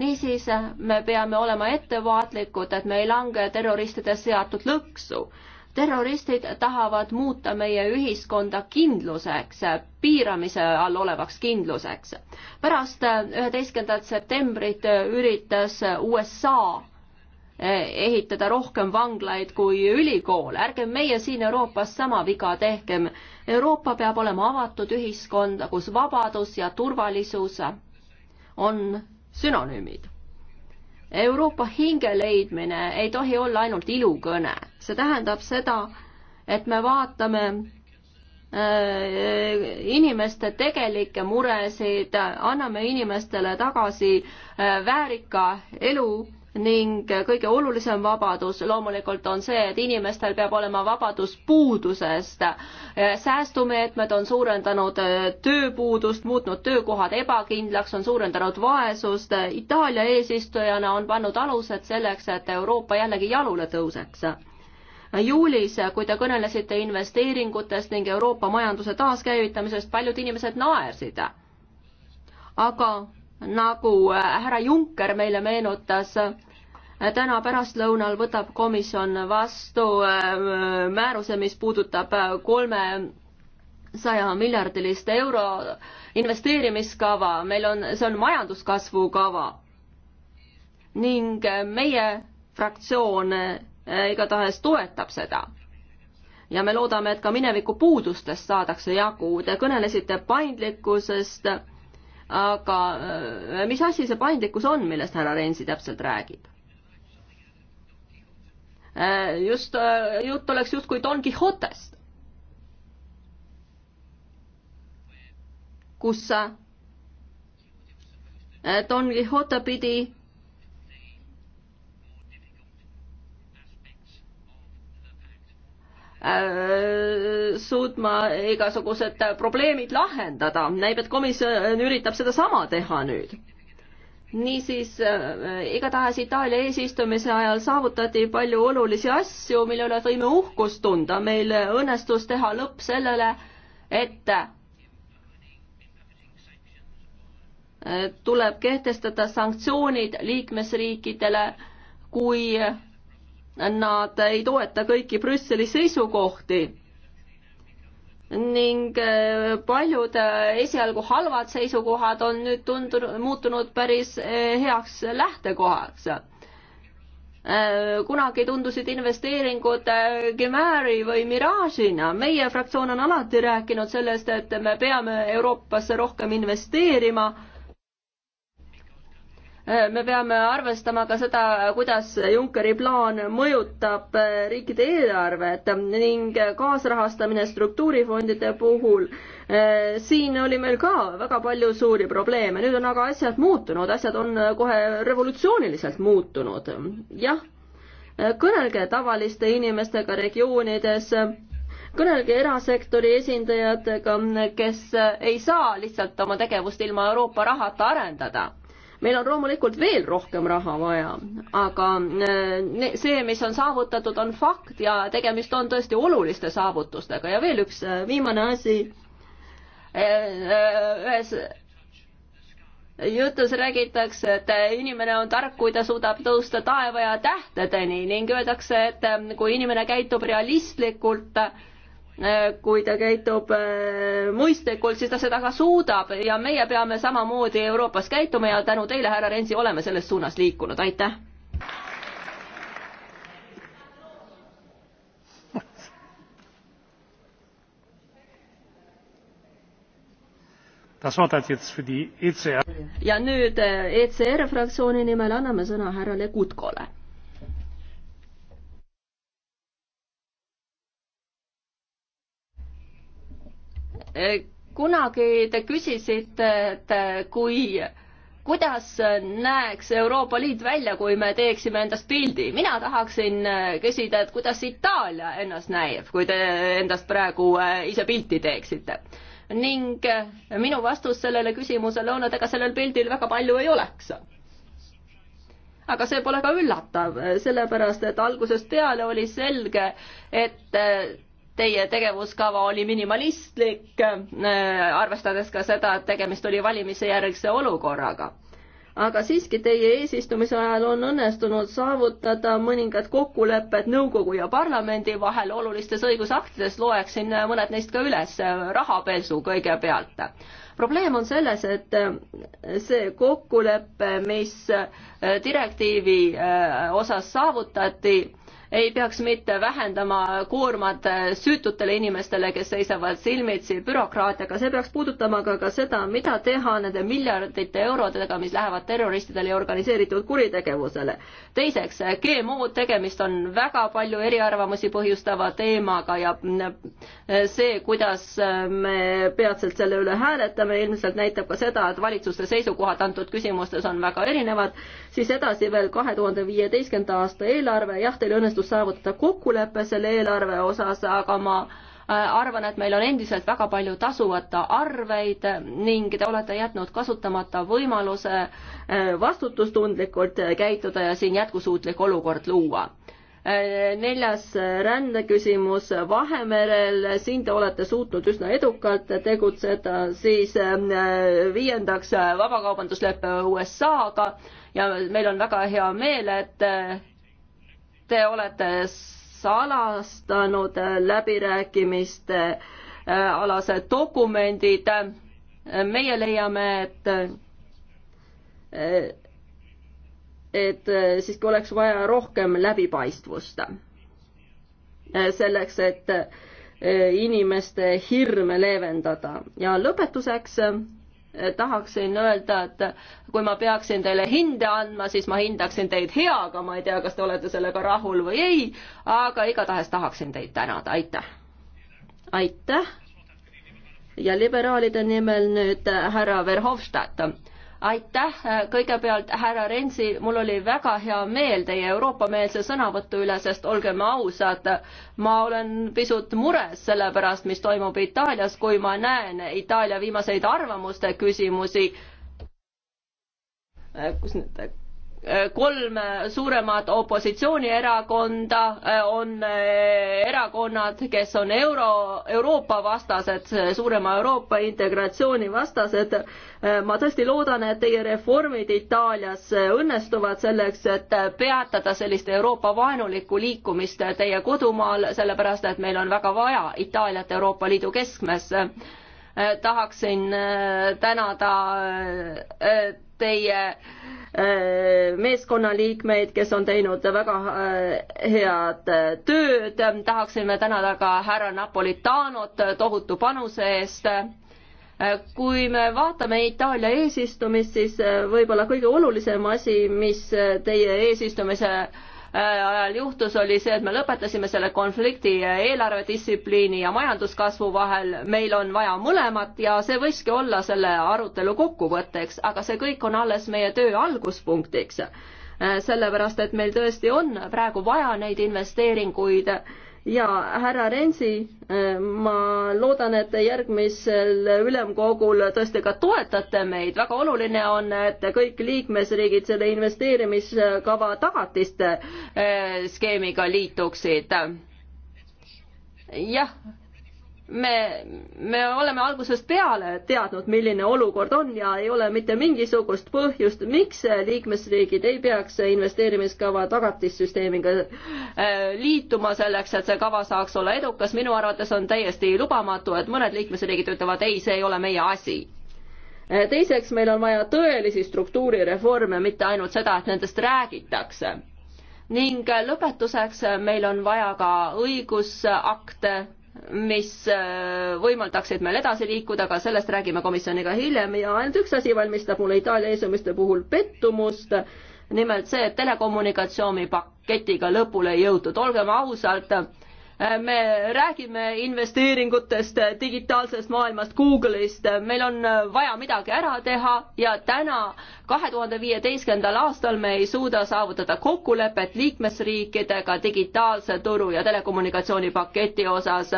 niisiis me peame olema ettevaatlikud, et me ei lange terroristide seatud lõksu. terroristid tahavad muuta meie ühiskonda kindluseks, piiramise all olevaks kindluseks. pärast üheteistkümnendat septembrit üritas USA eh, ehitada rohkem vanglaid kui ülikoole, ärgem meie siin Euroopas sama viga tehkem. Euroopa peab olema avatud ühiskond, kus vabadus ja turvalisus on sünonüümid. Euroopa hinge leidmine ei tohi olla ainult ilukõne, see tähendab seda, et me vaatame äh, inimeste tegelikke muresid, anname inimestele tagasi äh, väärika elu ning kõige olulisem vabadus loomulikult on see, et inimestel peab olema vabadus puudusest. säästumeetmed on suurendanud tööpuudust, muutnud töökohad ebakindlaks, on suurendanud vaesust. Itaalia eesistujana on pannud alused selleks, et Euroopa jällegi jalule tõuseks juulis, kui te kõnelesite investeeringutest ning Euroopa majanduse taaskäivitamisest, paljud inimesed naersid. aga nagu äh, härra Juncker meile meenutas, äh, täna pärastlõunal võtab komisjon vastu äh, määruse, mis puudutab kolmesaja miljardilist euro investeerimiskava, meil on, see on majanduskasvu kava. ning meie fraktsioon igatahes toetab seda ja me loodame, et ka mineviku puudustest saadakse jagu. Te kõnelesite paindlikkusest äh, aga äh, mis asi see paindlikkus on, millest härra Reinsi täpselt räägib? Äh, just, äh, jutt oleks justkui Don Quixotest. kus Don Quixote pidi Äh, suutma igasugused probleemid lahendada. näib, et komisjon üritab sedasama teha nüüd niisiis äh, igatahes Itaalia eesistumise ajal saavutati palju olulisi asju, mille üle võime uhkust tunda, meil õnnestus teha lõpp sellele, et äh, tuleb kehtestada sanktsioonid liikmesriikidele, kui nad ei toeta kõiki Brüsseli seisukohti ning äh, paljud äh, esialgu halvad seisukohad on nüüd tundunud, muutunud päris äh, heaks lähtekohaks. kunagi tundusid investeeringud Gemari või Mirage'ina, meie fraktsioon on alati rääkinud sellest, et me peame Euroopasse rohkem investeerima Äh, me peame arvestama ka seda, kuidas Junckeri plaan mõjutab äh, riikide eelarvet ning kaasrahastamine struktuurifondide puhul. Äh, siin oli meil ka väga palju suuri probleeme, nüüd on aga asjad muutunud, asjad on kohe revolutsiooniliselt muutunud. jah, kõnelge tavaliste inimestega regioonides kõnelge erasektori esindajatega, kes ei saa lihtsalt oma tegevust ilma Euroopa rahata arendada meil on loomulikult veel rohkem raha vaja, aga äh, see, mis on saavutatud, on fakt ja tegemist on tõesti oluliste saavutustega ja veel üks äh, viimane asi. Äh, ühes jutus räägitakse, et inimene on tark, kui ta suudab tõusta taeva ja tähtedeni ning öeldakse, et kui inimene käitub realistlikult, Äh, kui ta käitub äh, mõistlikult, siis ta seda ka suudab ja meie peame samamoodi Euroopas käituma ja tänu teile, härra Rensi, oleme selles suunas liikunud, aitäh.
E
ja nüüd äh, ECR fraktsiooni nimel anname sõna härra Legutkole kunagi te küsisite, et kui, kuidas näeks Euroopa Liit välja, kui me teeksime endast pildi. mina tahaksin küsida, et kuidas Itaalia ennast näeb, kui te endast praegu äh, ise pilti teeksite. ning äh, minu vastus sellele küsimusele on, et ega sellel pildil väga palju ei oleks aga see pole ka üllatav, sellepärast et algusest peale oli selge, et äh, teie tegevuskava oli minimalistlik, äh, arvestades ka seda, et tegemist oli valimisejärgse olukorraga. aga siiski teie eesistumise ajal on õnnestunud saavutada mõningad kokkulepped nõukogu ja parlamendi vahel olulistes õigusaktides, loeksin mõned neist ka üles, rahapesu kõigepealt probleem on selles, et äh, see kokkulepe, mis äh, direktiivi osas saavutati, ei peaks mitte vähendama koormat süütutele inimestele, kes seisavad silmitsi bürokraatiaga, see peaks puudutama ka, ka seda, mida teha nende miljardite eurodega, mis lähevad terroristidele ja organiseeritud kuritegevusele. teiseks, GMO-d, tegemist on väga palju eriarvamusi põhjustava teemaga ja see, kuidas me peatselt selle üle hääletame, ilmselt näitab ka seda, et valitsuste seisukohad antud küsimustes on väga erinevad, siis edasi veel kahe tuhande viieteistkümnenda aasta eelarve, jah, teil õnnestus õnnestus saavutada kokkulepe selle eelarve osas, aga ma äh, arvan, et meil on endiselt väga palju tasuvata arveid ning te olete jätnud kasutamata võimaluse äh, vastutustundlikult käituda ja siin jätkusuutlik olukord luua. Äh, neljas rändeküsimus Vahemerel, siin te olete suutnud üsna edukalt tegutseda, siis viiendaks vabakaubanduslepe USA-ga ja meil on väga hea meel, et te olete salastanud läbirääkimiste äh, alased dokumendid. meie leiame, et äh, et äh, siiski oleks vaja rohkem läbipaistvust. selleks, et inimeste hirme leevendada ja lõpetuseks tahaksin öelda, et kui ma peaksin teile hinde andma, siis ma hindaksin teid heaga, ma ei tea, kas te olete sellega rahul või ei, aga igatahes tahaksin teid tänada, aitäh. aitäh. ja liberaalide nimel nüüd härra Verhofstadt aitäh, kõigepealt härra Rensi, mul oli väga hea meel teie Euroopa-meelse sõnavõtu üle, sest olgem ausad, ma olen pisut mures selle pärast, mis toimub Itaalias, kui ma näen Itaalia viimaseid arvamuste küsimusi, kus need kolm suuremat opositsioonierakonda on eh, erakonnad, kes on euro, Euroopa vastased, suurema Euroopa integratsiooni vastased. Eh, ma tõesti loodan, et teie reformid Itaalias õnnestuvad selleks, et peatada sellist Euroopa vaenulikku liikumist teie kodumaal, sellepärast et meil on väga vaja Itaaliat Euroopa Liidu keskmes Äh, tahaksin äh, tänada äh, teie meeskonnaliikmeid, kes on teinud väga head tööd, tahaksime tänada ka härra Napolitanot tohutu panuse eest. kui me vaatame Itaalia eesistumist, siis võib-olla kõige olulisem asi, mis teie eesistumise Äh, ajal juhtus, oli see, et me lõpetasime selle konflikti äh, eelarvedistsipliini ja majanduskasvu vahel. meil on vaja mõlemat ja see võikski olla selle arutelu kokkuvõtteks, aga see kõik on alles meie töö alguspunktiks. Äh, sellepärast, et meil tõesti on praegu vaja neid investeeringuid ja härra Rensi, eh, ma loodan, et te järgmisel ülemkogul tõesti ka toetate meid, väga oluline on, et kõik liikmesriigid selle investeerimiskava tagatiste eh, skeemiga liituksid. jah me, me oleme algusest peale teadnud, milline olukord on ja ei ole mitte mingisugust põhjust, miks liikmesriigid ei peaks investeerimiskava tagatissüsteemiga äh, liituma selleks, et see kava saaks olla edukas. minu arvates on täiesti lubamatu, et mõned liikmesriigid ütlevad ei, see ei ole meie asi. Äh, teiseks, meil on vaja tõelisi struktuurireforme, mitte ainult seda, et nendest räägitakse. ning äh, lõpetuseks, meil on vaja ka õigusakte mis äh, võimaldaksid meil edasi liikuda, aga sellest räägime komisjoniga hiljem ja ainult üks asi valmistab mulle Itaalia eesumiste puhul pettumust, nimelt see, et telekommunikatsioonipaketiga lõpule ei jõutud, olgem ausad, me räägime investeeringutest, digitaalsest maailmast, Google'ist, meil on vaja midagi ära teha ja täna, kahe tuhande viieteistkümnendal aastal me ei suuda saavutada kokkulepet liikmesriikidega digitaalse turu ja telekommunikatsioonipaketi osas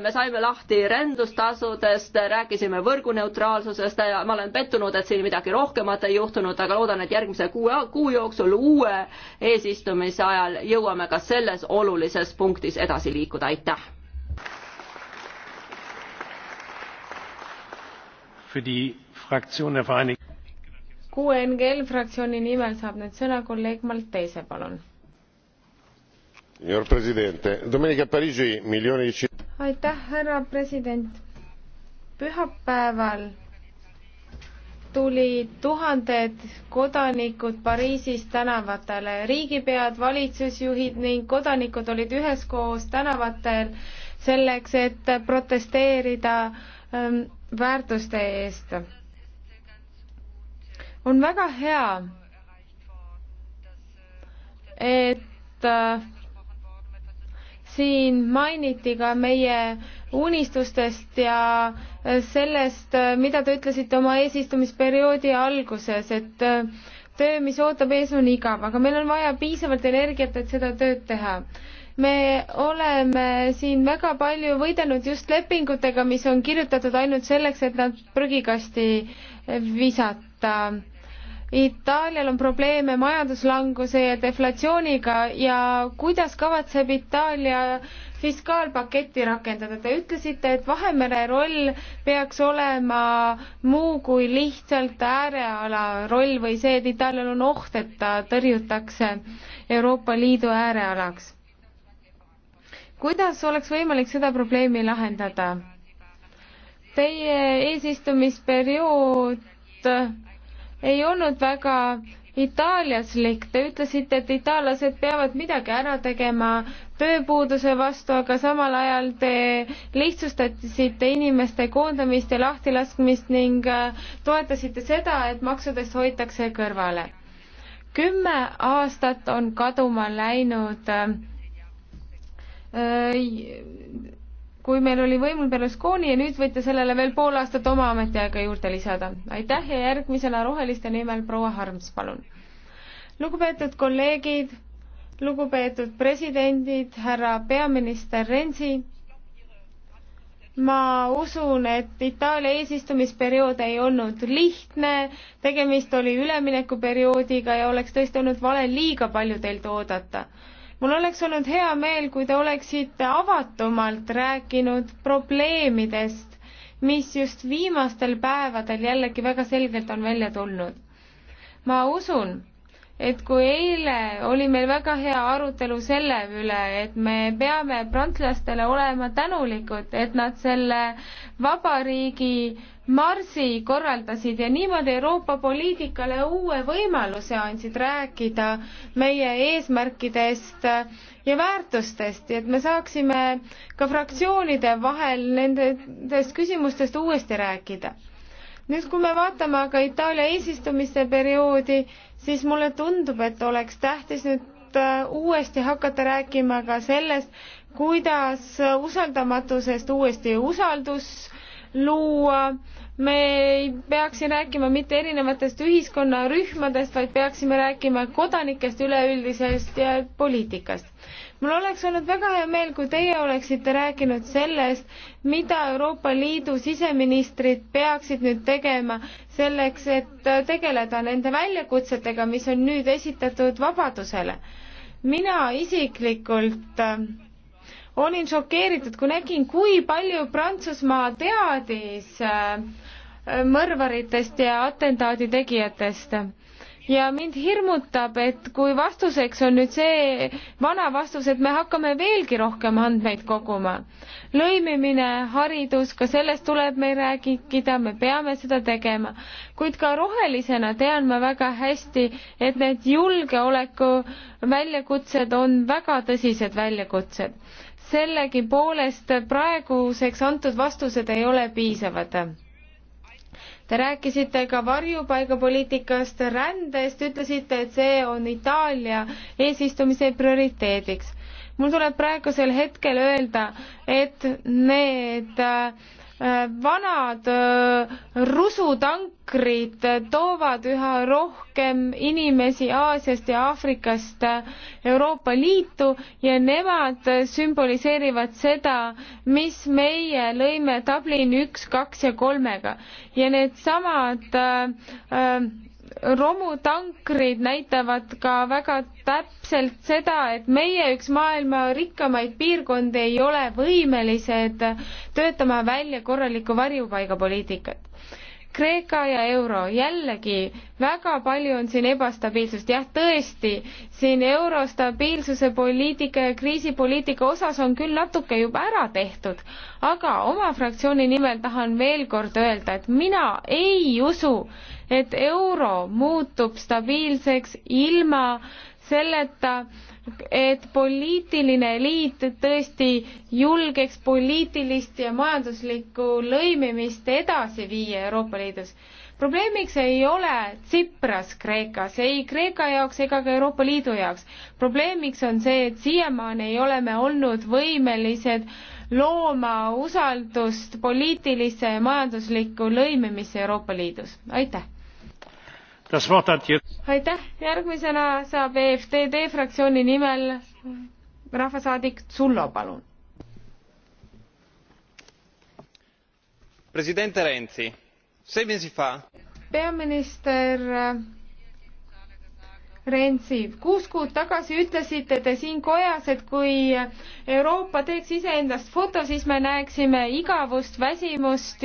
me saime lahti rändustasudest, rääkisime võrguneutraalsusest ja ma olen pettunud, et siin midagi rohkemat ei juhtunud, aga loodan, et järgmise kuu, kuu jooksul uue eesistumise ajal jõuame ka selles olulises punktis edasi
liikuda, aitäh! kuue NGL fraktsiooni nimel saab nüüd sõna kolleeg Maltese, palun aitäh härra president pühapäeval tulid tuhanded kodanikud Pariisis tänavatele. riigipead, valitsusjuhid ning kodanikud olid üheskoos tänavatel selleks, et protesteerida ähm, väärtuste eest. on väga hea, et äh, siin mainiti ka meie unistustest ja sellest, mida te ütlesite oma eesistumisperioodi alguses, et töö, mis ootab ees, on igav, aga meil on vaja piisavalt energiat, et seda tööd teha me oleme siin väga palju võidelnud just lepingutega, mis on kirjutatud ainult selleks, et nad prügikasti visata Itaalial on probleeme majanduslanguse ja deflatsiooniga ja kuidas kavatseb Itaalia fiskaalpaketti rakendada? Te ütlesite, et Vahemere roll peaks olema muu kui lihtsalt ääreala roll või see, et Itaalial on oht, et ta tõrjutakse Euroopa Liidu äärealaks. kuidas oleks võimalik seda probleemi lahendada? Teie eesistumisperiood ei olnud väga itaaliaslik, te ütlesite, et itaallased peavad midagi ära tegema tööpuuduse vastu, aga samal ajal te lihtsustasite inimeste koondamist ja lahtilaskmist ning äh, toetasite seda, et maksudest hoitakse kõrvale. kümme aastat on kaduma läinud äh, äh kui meil oli võimul Berlusconi ja nüüd võite sellele veel pool aastat oma ametiaega juurde lisada. aitäh ja järgmisena Roheliste nimel proua Harms, palun. lugupeetud kolleegid, lugupeetud presidendid, härra peaminister Renzi, ma usun, et Itaalia eesistumisperiood ei olnud lihtne, tegemist oli üleminekuperioodiga ja oleks tõesti olnud vale liiga palju teilt oodata mul oleks olnud hea meel, kui te oleksite avatumalt rääkinud probleemidest, mis just viimastel päevadel jällegi väga selgelt on välja tulnud. ma usun, et kui eile oli meil väga hea arutelu selle üle, et me peame prantslastele olema tänulikud, et nad selle vabariigi marsi korraldasid ja niimoodi Euroopa poliitikale uue võimaluse andsid rääkida meie eesmärkidest ja väärtustest ja et me saaksime ka fraktsioonide vahel nendest küsimustest uuesti rääkida nüüd, kui me vaatame aga Itaalia eesistumise perioodi, siis mulle tundub, et oleks tähtis nüüd äh, uuesti hakata rääkima ka sellest, kuidas usaldamatusest uuesti usaldus luua. me ei peaks siin rääkima mitte erinevatest ühiskonnarühmadest, vaid peaksime rääkima kodanikest üleüldisest ja poliitikast. mul oleks olnud väga hea meel, kui teie oleksite rääkinud sellest, mida Euroopa Liidu siseministrid peaksid nüüd tegema selleks, et äh, tegeleda nende väljakutsetega, mis on nüüd esitatud vabadusele. mina isiklikult äh, olin šokeeritud, kui nägin, kui palju Prantsusmaa teadis äh, mõrvaritest ja atentaadi tegijatest ja mind hirmutab, et kui vastuseks on nüüd see vana vastus, et me hakkame veelgi rohkem andmeid koguma. lõimimine, haridus, ka sellest tuleb meil rääkida, me peame seda tegema. kuid ka rohelisena tean ma väga hästi, et need julgeoleku väljakutsed on väga tõsised väljakutsed. sellegipoolest praeguseks antud vastused ei ole piisavad Te rääkisite ka varjupaigapoliitikast, rändest, ütlesite, et see on Itaalia eesistumise prioriteediks. mul tuleb praegusel hetkel öelda, et need äh, Äh, vanad äh, rusutankrid äh, toovad üha rohkem inimesi Aasiast ja Aafrikast Euroopa Liitu ja nemad sümboliseerivad seda, mis meie lõime Dublin üks, kaks ja kolmega. ja needsamad äh, äh, romutankrid näitavad ka väga täpselt seda, et meie üks maailma rikkamaid piirkondi ei ole võimelised töötama välja korralikku varjupaigapoliitikat. Kreeka ja euro, jällegi väga palju on siin ebastabiilsust, jah, tõesti, siin euro stabiilsuse poliitika ja kriisipoliitika osas on küll natuke juba ära tehtud, aga oma fraktsiooni nimel tahan veel kord öelda, et mina ei usu, et euro muutub stabiilseks ilma selleta, et poliitiline eliit tõesti julgeks poliitilist ja majanduslikku lõimimist edasi viia Euroopa Liidus. probleemiks ei ole Tsipras Kreekas, ei Kreeka jaoks ega ka Euroopa Liidu jaoks. probleemiks on see, et siiamaani ei ole me olnud võimelised looma usaldust poliitilisse ja majanduslikku lõimimisse Euroopa Liidus. aitäh! aitäh, järgmisena saab EFTD fraktsiooni nimel rahvasaadik Zullo, palun.
president Renzi, seitse mesi fa.
peaminister Rensiv, kuus kuud tagasi ütlesite te siin kojas, et kui Euroopa teeks iseendast foto, siis me näeksime igavust, väsimust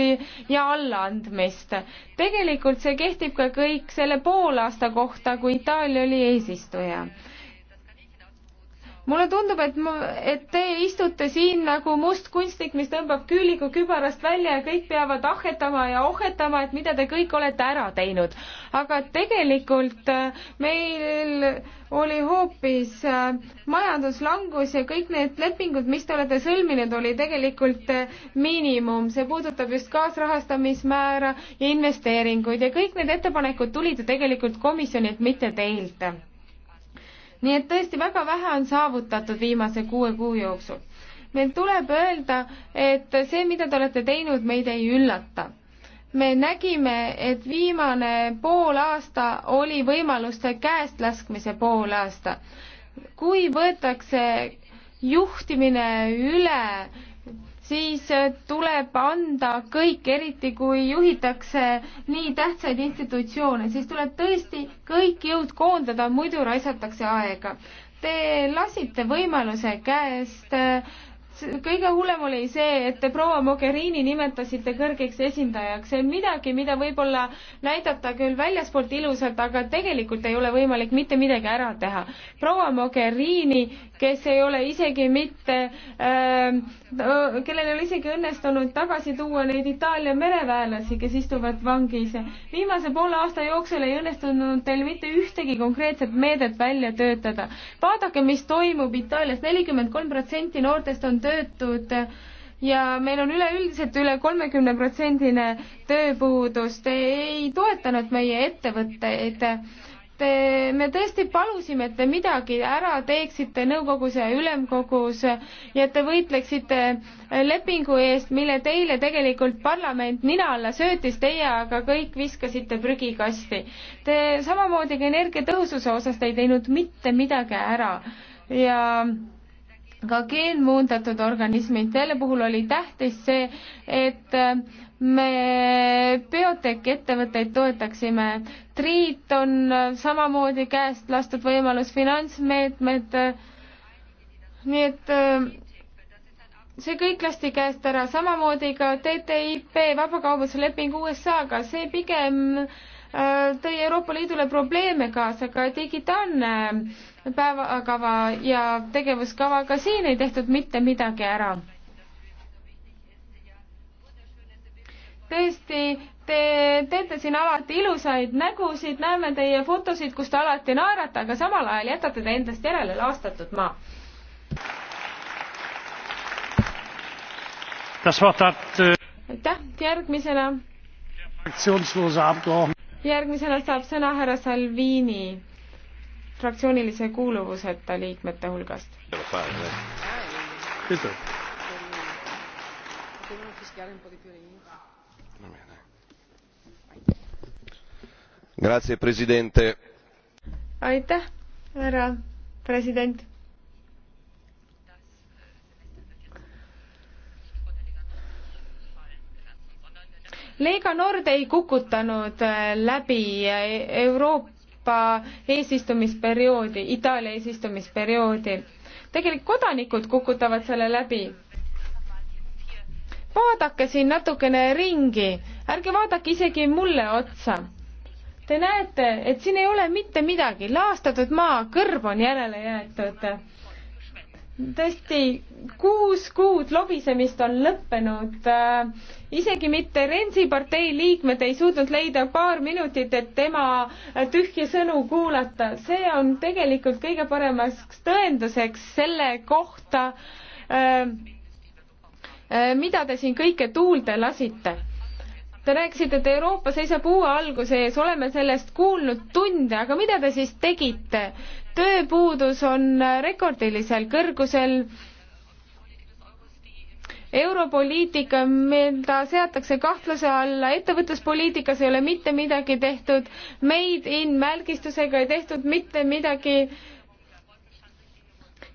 ja allaandmist. tegelikult see kehtib ka kõik selle poolaasta kohta, kui Itaalia oli eesistuja mulle tundub, et mu, et te istute siin nagu must kunstnik, mis tõmbab küüliku kübarast välja ja kõik peavad ahhetama ja ohhetama, et mida te kõik olete ära teinud. aga tegelikult äh, meil oli hoopis äh, majanduslangus ja kõik need lepingud, mis te olete sõlminud, oli tegelikult äh, miinimum. see puudutab just kaasrahastamismäära ja investeeringuid ja kõik need ettepanekud tulid ju tegelikult komisjonilt, mitte teilt nii et tõesti väga vähe on saavutatud viimase kuue kuu jooksul. meil tuleb öelda, et see, mida te olete teinud, meid ei üllata me nägime, et viimane poolaasta oli võimaluste käestlaskmise poolaasta. kui võetakse juhtimine üle siis äh, tuleb anda kõik, eriti kui juhitakse nii tähtsaid institutsioone, siis tuleb tõesti kõik jõud koondada, muidu raisatakse aega. Te lasite võimaluse käest äh, kõige hullem oli see, et te proua Mogherini nimetasite kõrgeks esindajaks. see on midagi, mida võib-olla näidata küll väljaspoolt ilusalt, aga tegelikult ei ole võimalik mitte midagi ära teha. proua Mogherini, kes ei ole isegi mitte äh,, kellel ei ole isegi õnnestunud tagasi tuua neid Itaalia mereväelasi, kes istuvad vangis. viimase poole aasta jooksul ei õnnestunud teil mitte ühtegi konkreetset meedet välja töötada. vaadake, mis toimub Itaalias, nelikümmend kolm protsenti noortest on töötud töötud ja meil on üleüldiselt üle kolmekümne protsendine tööpuudus. Te ei toetanud meie ettevõtteid te, me tõesti palusime, et te midagi ära teeksite nõukogus ja ülemkogus ja et te võitleksite lepingu eest, mille teile tegelikult parlament nina alla söötis, teie aga kõik viskasite prügikasti. Te samamoodi ka energiatõhususe osas te ei teinud mitte midagi ära ja ka geenmuundatud organismid, selle puhul oli tähtis see, et me biotech ettevõtteid toetaksime. Triit on samamoodi käest lastud võimalus, finantsmeetmed, nii et äh, see kõik lasti käest ära, samamoodi ka TTIP, vabakaubandusleping USA-ga, see pigem äh, tõi Euroopa Liidule probleeme kaasa, ka digitaalne äh, päevakava ja tegevuskavaga, siin ei tehtud mitte midagi ära. tõesti, te teete siin alati ilusaid nägusid, näeme teie fotosid, kus te alati naerate, aga samal ajal jätate te endast järele laastatud maa.
Äh,
aitäh, järgmisena. järgmisena saab sõna härra Salvini fraktsioonilise kuuluvuseta liikmete hulgast. aitäh, härra president. Lega Nord ei kukutanud läbi Euroopa Euroopa eesistumisperioodi, Itaalia eesistumisperioodi. tegelikult kodanikud kukutavad selle läbi. vaadake siin natukene ringi, ärge vaadake isegi mulle otsa. Te näete, et siin ei ole mitte midagi, laastatud maa, kõrv on järele jäetud tõesti, kuus kuud lobisemist on lõppenud. Äh, isegi mitte Rensi partei liikmed ei suutnud leida paar minutit, et tema äh, tühje sõnu kuulata. see on tegelikult kõige paremaks tõenduseks selle kohta, äh, mida te siin kõike tuulde lasite Te rääkisite, et Euroopa seisab uue alguse ees, oleme sellest kuulnud tunde, aga mida te siis tegite? tööpuudus on rekordilisel kõrgusel. europoliitika, mida seatakse kahtluse alla, ettevõtluspoliitikas ei ole mitte midagi tehtud, made in märgistusega ei tehtud mitte midagi.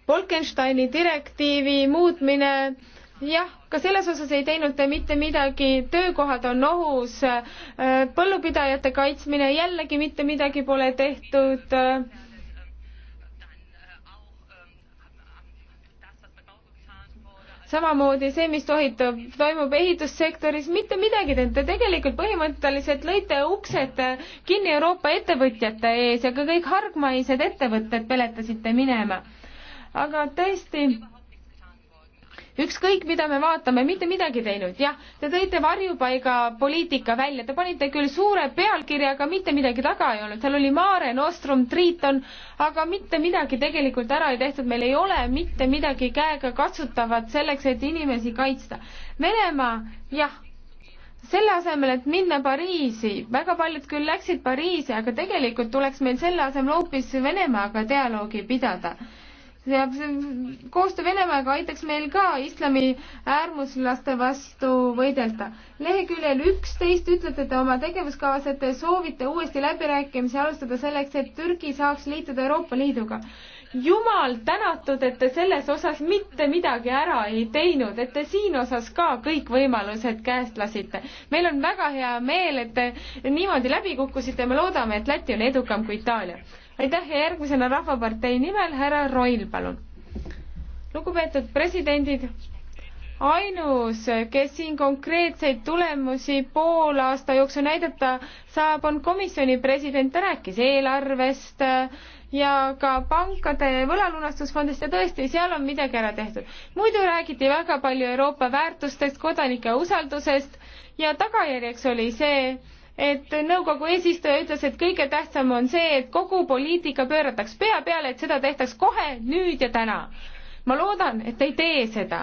Bolkensteini direktiivi muutmine jah, ka selles osas ei teinud te mitte midagi, töökohad on ohus, põllupidajate kaitsmine, jällegi mitte midagi pole tehtud samamoodi see, mis tohitub, toimub ehitussektoris, mitte midagi te tegelikult põhimõtteliselt lõite uksed kinni Euroopa ettevõtjate ees ja ka kõik hargmaised ettevõtted peletasite minema. aga tõesti ükskõik, mida me vaatame, mitte midagi teinud. jah, te tõite varjupaigapoliitika välja, te panite küll suure pealkirja, aga mitte midagi taga ei olnud. seal oli Mare Nostrum, Triton, aga mitte midagi tegelikult ära ei tehtud. meil ei ole mitte midagi käegakatsutavat selleks, et inimesi kaitsta. Venemaa, jah selle asemel, et minna Pariisi, väga paljud küll läksid Pariisi, aga tegelikult tuleks meil selle asemel hoopis Venemaaga dialoogi pidada ja koostöö Venemaaga aitaks meil ka islami äärmuslaste vastu võidelda. leheküljel üksteist ütlete te oma tegevuskavas, et te soovite uuesti läbirääkimisi alustada selleks, et Türgi saaks liituda Euroopa Liiduga. jumal tänatud, et te selles osas mitte midagi ära ei teinud, et te siin osas ka kõik võimalused käest lasite. meil on väga hea meel, et te niimoodi läbi kukkusite, me loodame, et Läti on edukam kui Itaalia aitäh ja järgmisena Rahvapartei nimel härra Roil, palun. lugupeetud presidendid, ainus, kes siin konkreetseid tulemusi poole aasta jooksul näidata saab, on komisjoni president, ta rääkis eelarvest ja ka pankade võlalunastusfondist ja tõesti, seal on midagi ära tehtud. muidu räägiti väga palju Euroopa väärtustest, kodanike usaldusest ja tagajärjeks oli see, et nõukogu eesistuja ütles, et kõige tähtsam on see, et kogu poliitika pöörataks pea peale, et seda tehtaks kohe, nüüd ja täna. ma loodan, et ei tee seda,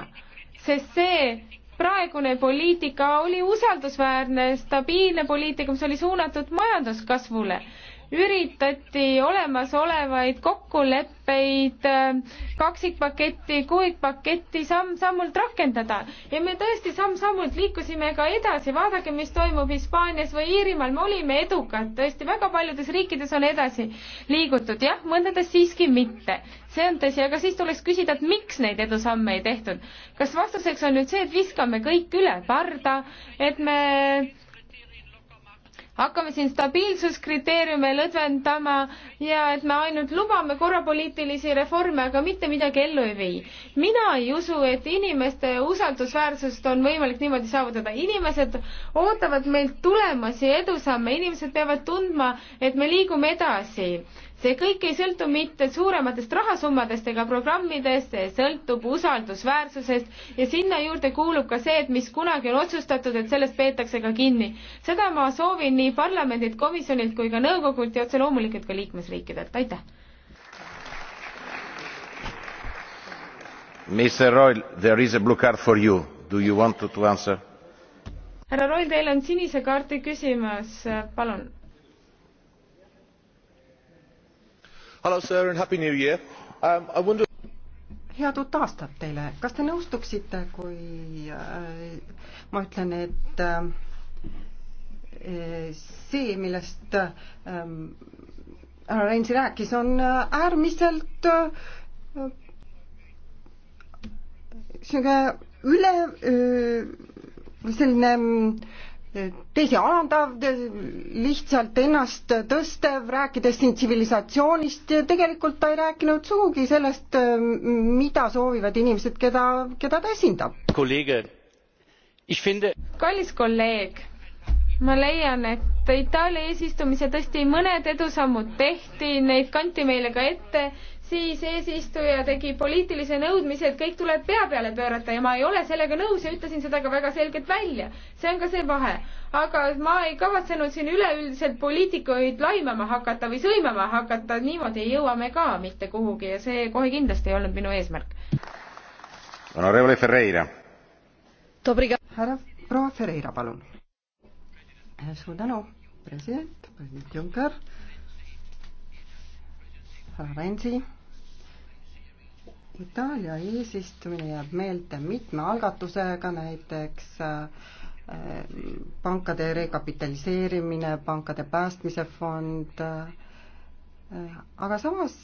sest see praegune poliitika oli usaldusväärne, stabiilne poliitika, mis oli suunatud majanduskasvule üritati olemasolevaid kokkuleppeid, äh, kaksikpaketti, kuuikpaketti samm-sammult rakendada ja me tõesti samm-sammult liikusime ka edasi, vaadake, mis toimub Hispaanias või Iirimaal, me olime edukad, tõesti väga paljudes riikides on edasi liigutud, jah, mõndades siiski mitte see on tõsi, aga siis tuleks küsida, et miks neid edusamme ei tehtud. kas vastuseks on nüüd see, et viskame kõik üle parda, et me hakkame siin stabiilsuskriteeriume lõdvendama ja et me ainult lubame korrapoliitilisi reforme, aga mitte midagi ellu ei vii. mina ei usu, et inimeste usaldusväärsust on võimalik niimoodi saavutada. inimesed ootavad meilt tulemusi, edusamme, inimesed peavad tundma, et me liigume edasi see kõik ei sõltu mitte suurematest rahasummadest ega programmidest, see sõltub usaldusväärsusest ja sinna juurde kuulub ka see, et mis kunagi on otsustatud, et sellest peetakse ka kinni. seda ma soovin nii parlamendilt, komisjonilt kui ka nõukogult ja otse loomulikult ka liikmesriikidelt, aitäh.
Mr Royal, there is a blue card for you, do you want to, to answer?
härra Roll, teil on sinise kaardi küsimus, palun Um,
head uut aastat teile. kas te nõustuksite, kui äh, ma ütlen, et äh, see, millest ähm, härra Reinsi rääkis, on äh, äärmiselt niisugune üle, selline teisi alandav, lihtsalt ennast tõstev, rääkides siin tsivilisatsioonist, tegelikult ta ei rääkinud sugugi sellest, mida soovivad inimesed, keda, keda ta esindab.
Finde... kallis kolleeg, ma leian, et Itaalia eesistumise tõesti mõned edusammud tehti, neid kanti meile ka ette siis eesistuja tegi poliitilise nõudmise, et kõik tuleb pea peale pöörata ja ma ei ole sellega nõus ja ütlesin seda ka väga selgelt välja. see on ka see vahe. aga ma ei kavatsenud siin üleüldiselt poliitikuid laimama hakata või sõimama hakata, niimoodi ei jõua me ka mitte kuhugi ja see kohe kindlasti ei olnud minu eesmärk.
Honorable
Ferreira.
härra
proua Ferreira, palun. suur tänu, president, president Juncker härra Rensi, Itaalia eesistumine jääb meelde mitme algatusega, näiteks äh, pankade rekapitaliseerimine, pankade päästmise fond, äh, aga samas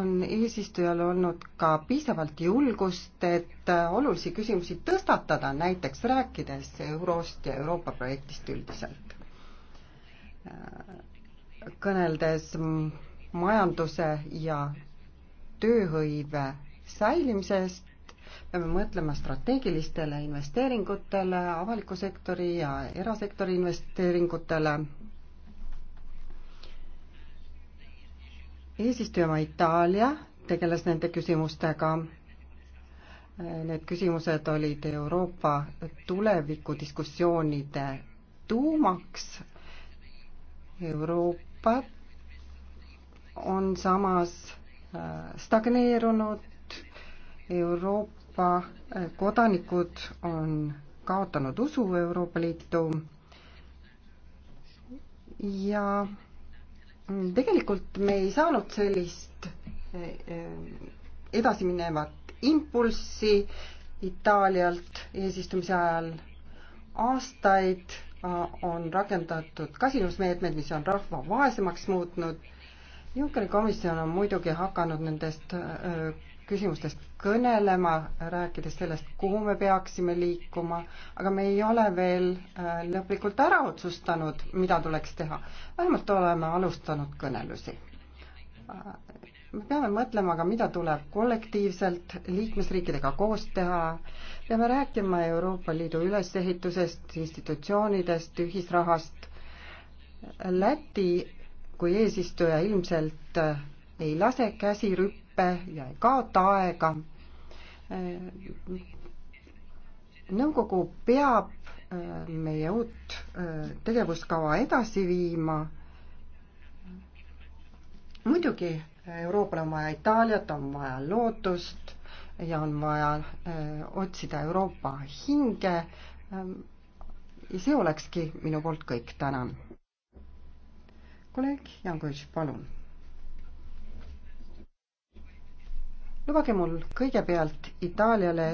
on eesistujal olnud ka piisavalt julgust, et äh, olulisi küsimusi tõstatada, näiteks rääkides eurost ja Euroopa projektist üldiselt. kõneldes majanduse ja tööhõive säilimisest peame mõtlema strateegilistele investeeringutele, avaliku sektori ja erasektori investeeringutele. eesistujamaa Itaalia tegeles nende küsimustega. Need küsimused olid Euroopa tulevikudiskussioonide tuumaks. Euroopa on samas äh, stagneerunud Euroopa eh, kodanikud on kaotanud usu Euroopa Liitu ja tegelikult me ei saanud sellist eh, eh, edasiminevat impulssi Itaalialt eesistumise ajal. aastaid on rakendatud kasinusmeetmed, mis on rahva vaesemaks muutnud. Junckeri komisjon on muidugi hakanud nendest küsimustest kõnelema, rääkides sellest, kuhu me peaksime liikuma, aga me ei ole veel äh, lõplikult ära otsustanud, mida tuleks teha. vähemalt oleme alustanud kõnelusi. Äh, me peame mõtlema ka, mida tuleb kollektiivselt liikmesriikidega koos teha, peame rääkima Euroopa Liidu ülesehitusest, institutsioonidest, ühisrahast. Läti kui eesistuja ilmselt äh, ei lase käsi rüppe õppe ja ei kaota aega. nõukogu peab äh, meie uut äh, tegevuskava edasi viima. muidugi Euroopal on vaja Itaaliat, on vaja lootust ja on vaja äh, otsida Euroopa hinge. ja see olekski minu poolt kõik, tänan. kolleeg Jan Kuiš, palun lubage mul kõigepealt Itaaliale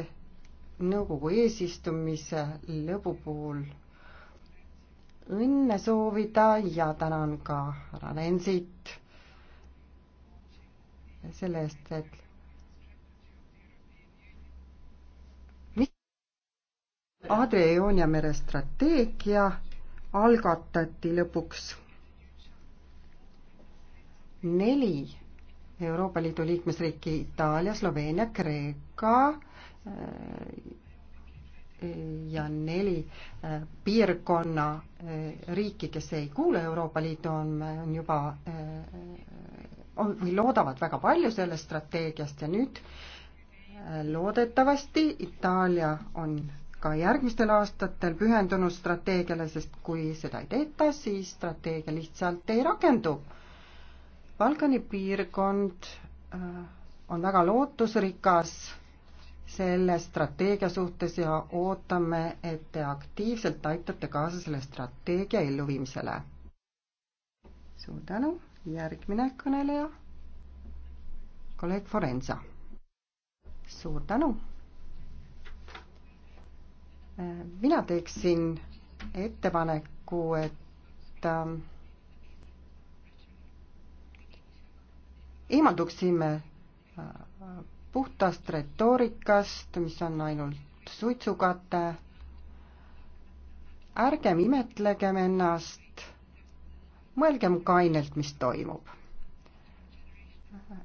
nõukogu eesistumise lõpu puhul õnne soovida ja tänan ka härra Lensit selle eest, et
Adria-Joonia mere
strateegia algatati lõpuks neli Euroopa Liidu liikmesriiki Itaalia, Sloveenia, Kreeka eh, ja neli eh, piirkonna eh, riiki, kes ei kuulu Euroopa Liitu, on, on juba on, või loodavad väga palju sellest strateegiast ja nüüd loodetavasti Itaalia on ka järgmistel aastatel pühendunud strateegiale, sest kui seda ei tehta, siis strateegia lihtsalt ei rakendu Balkani piirkond äh, on väga lootusrikas selle strateegia suhtes ja ootame, et te aktiivselt aitate kaasa selle strateegia elluviimisele. suur tänu, järgmine kõneleja, kolleeg Forenza. suur tänu. Äh, mina teeksin ettepaneku, et äh, eemalduksime äh, puhtast retoorikast, mis on ainult suitsukate. ärgem imetlegem ennast, mõelgem kainelt, mis toimub.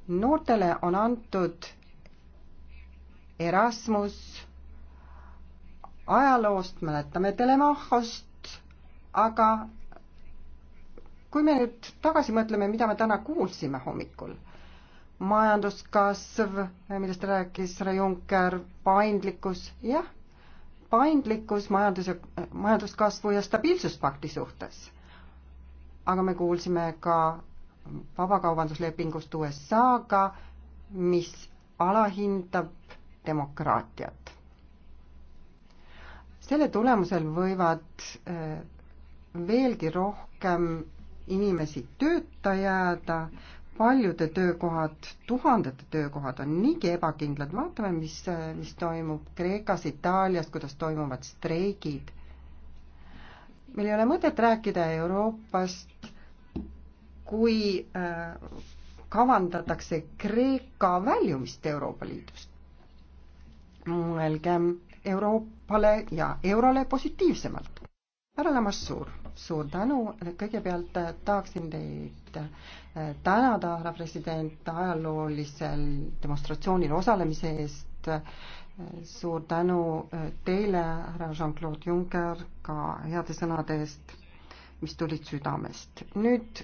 noortele on antud Erasmus, ajaloost mäletame Telemachost, aga kui me nüüd tagasi mõtleme, mida me täna kuulsime hommikul majanduskasv, millest rääkis härra Juncker, paindlikkus, jah, paindlikkus majandus ja, majanduskasvu ja stabiilsuspakti suhtes. aga me kuulsime ka vabakaubanduslepingust USA-ga, mis alahindab demokraatiat. selle tulemusel võivad eh, veelgi rohkem inimesi tööta jääda, paljude töökohad, tuhandete töökohad on niigi ebakindlad, vaatame, mis, mis toimub Kreekas, Itaalias, kuidas toimuvad streigid. meil ei ole mõtet rääkida Euroopast, kui äh, kavandatakse Kreeka väljumist Euroopa Liidust. mõelgem Euroopale ja eurole positiivsemalt. härra Lamassuur suur tänu, kõigepealt äh, tahaksin teid äh, tänada, härra president, ajaloolisel demonstratsioonil osalemise eest. Äh, suur tänu teile, härra Jean-Claude Juncker, ka heade sõnade eest, mis tulid südamest. nüüd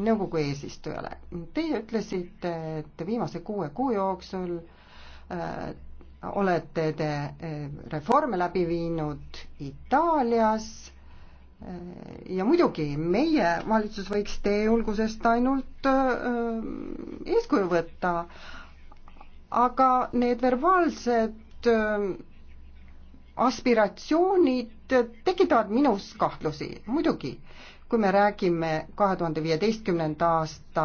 nõukogu eesistujale. Teie ütlesite, et viimase kuue kuu jooksul olete te reforme läbi viinud Itaalias Äh, ja muidugi, meie valitsus võiks teie julgusest ainult äh, eeskuju võtta, aga need verbaalsed äh, aspiratsioonid tekitavad minus kahtlusi, muidugi. kui me räägime kahe tuhande viieteistkümnenda aasta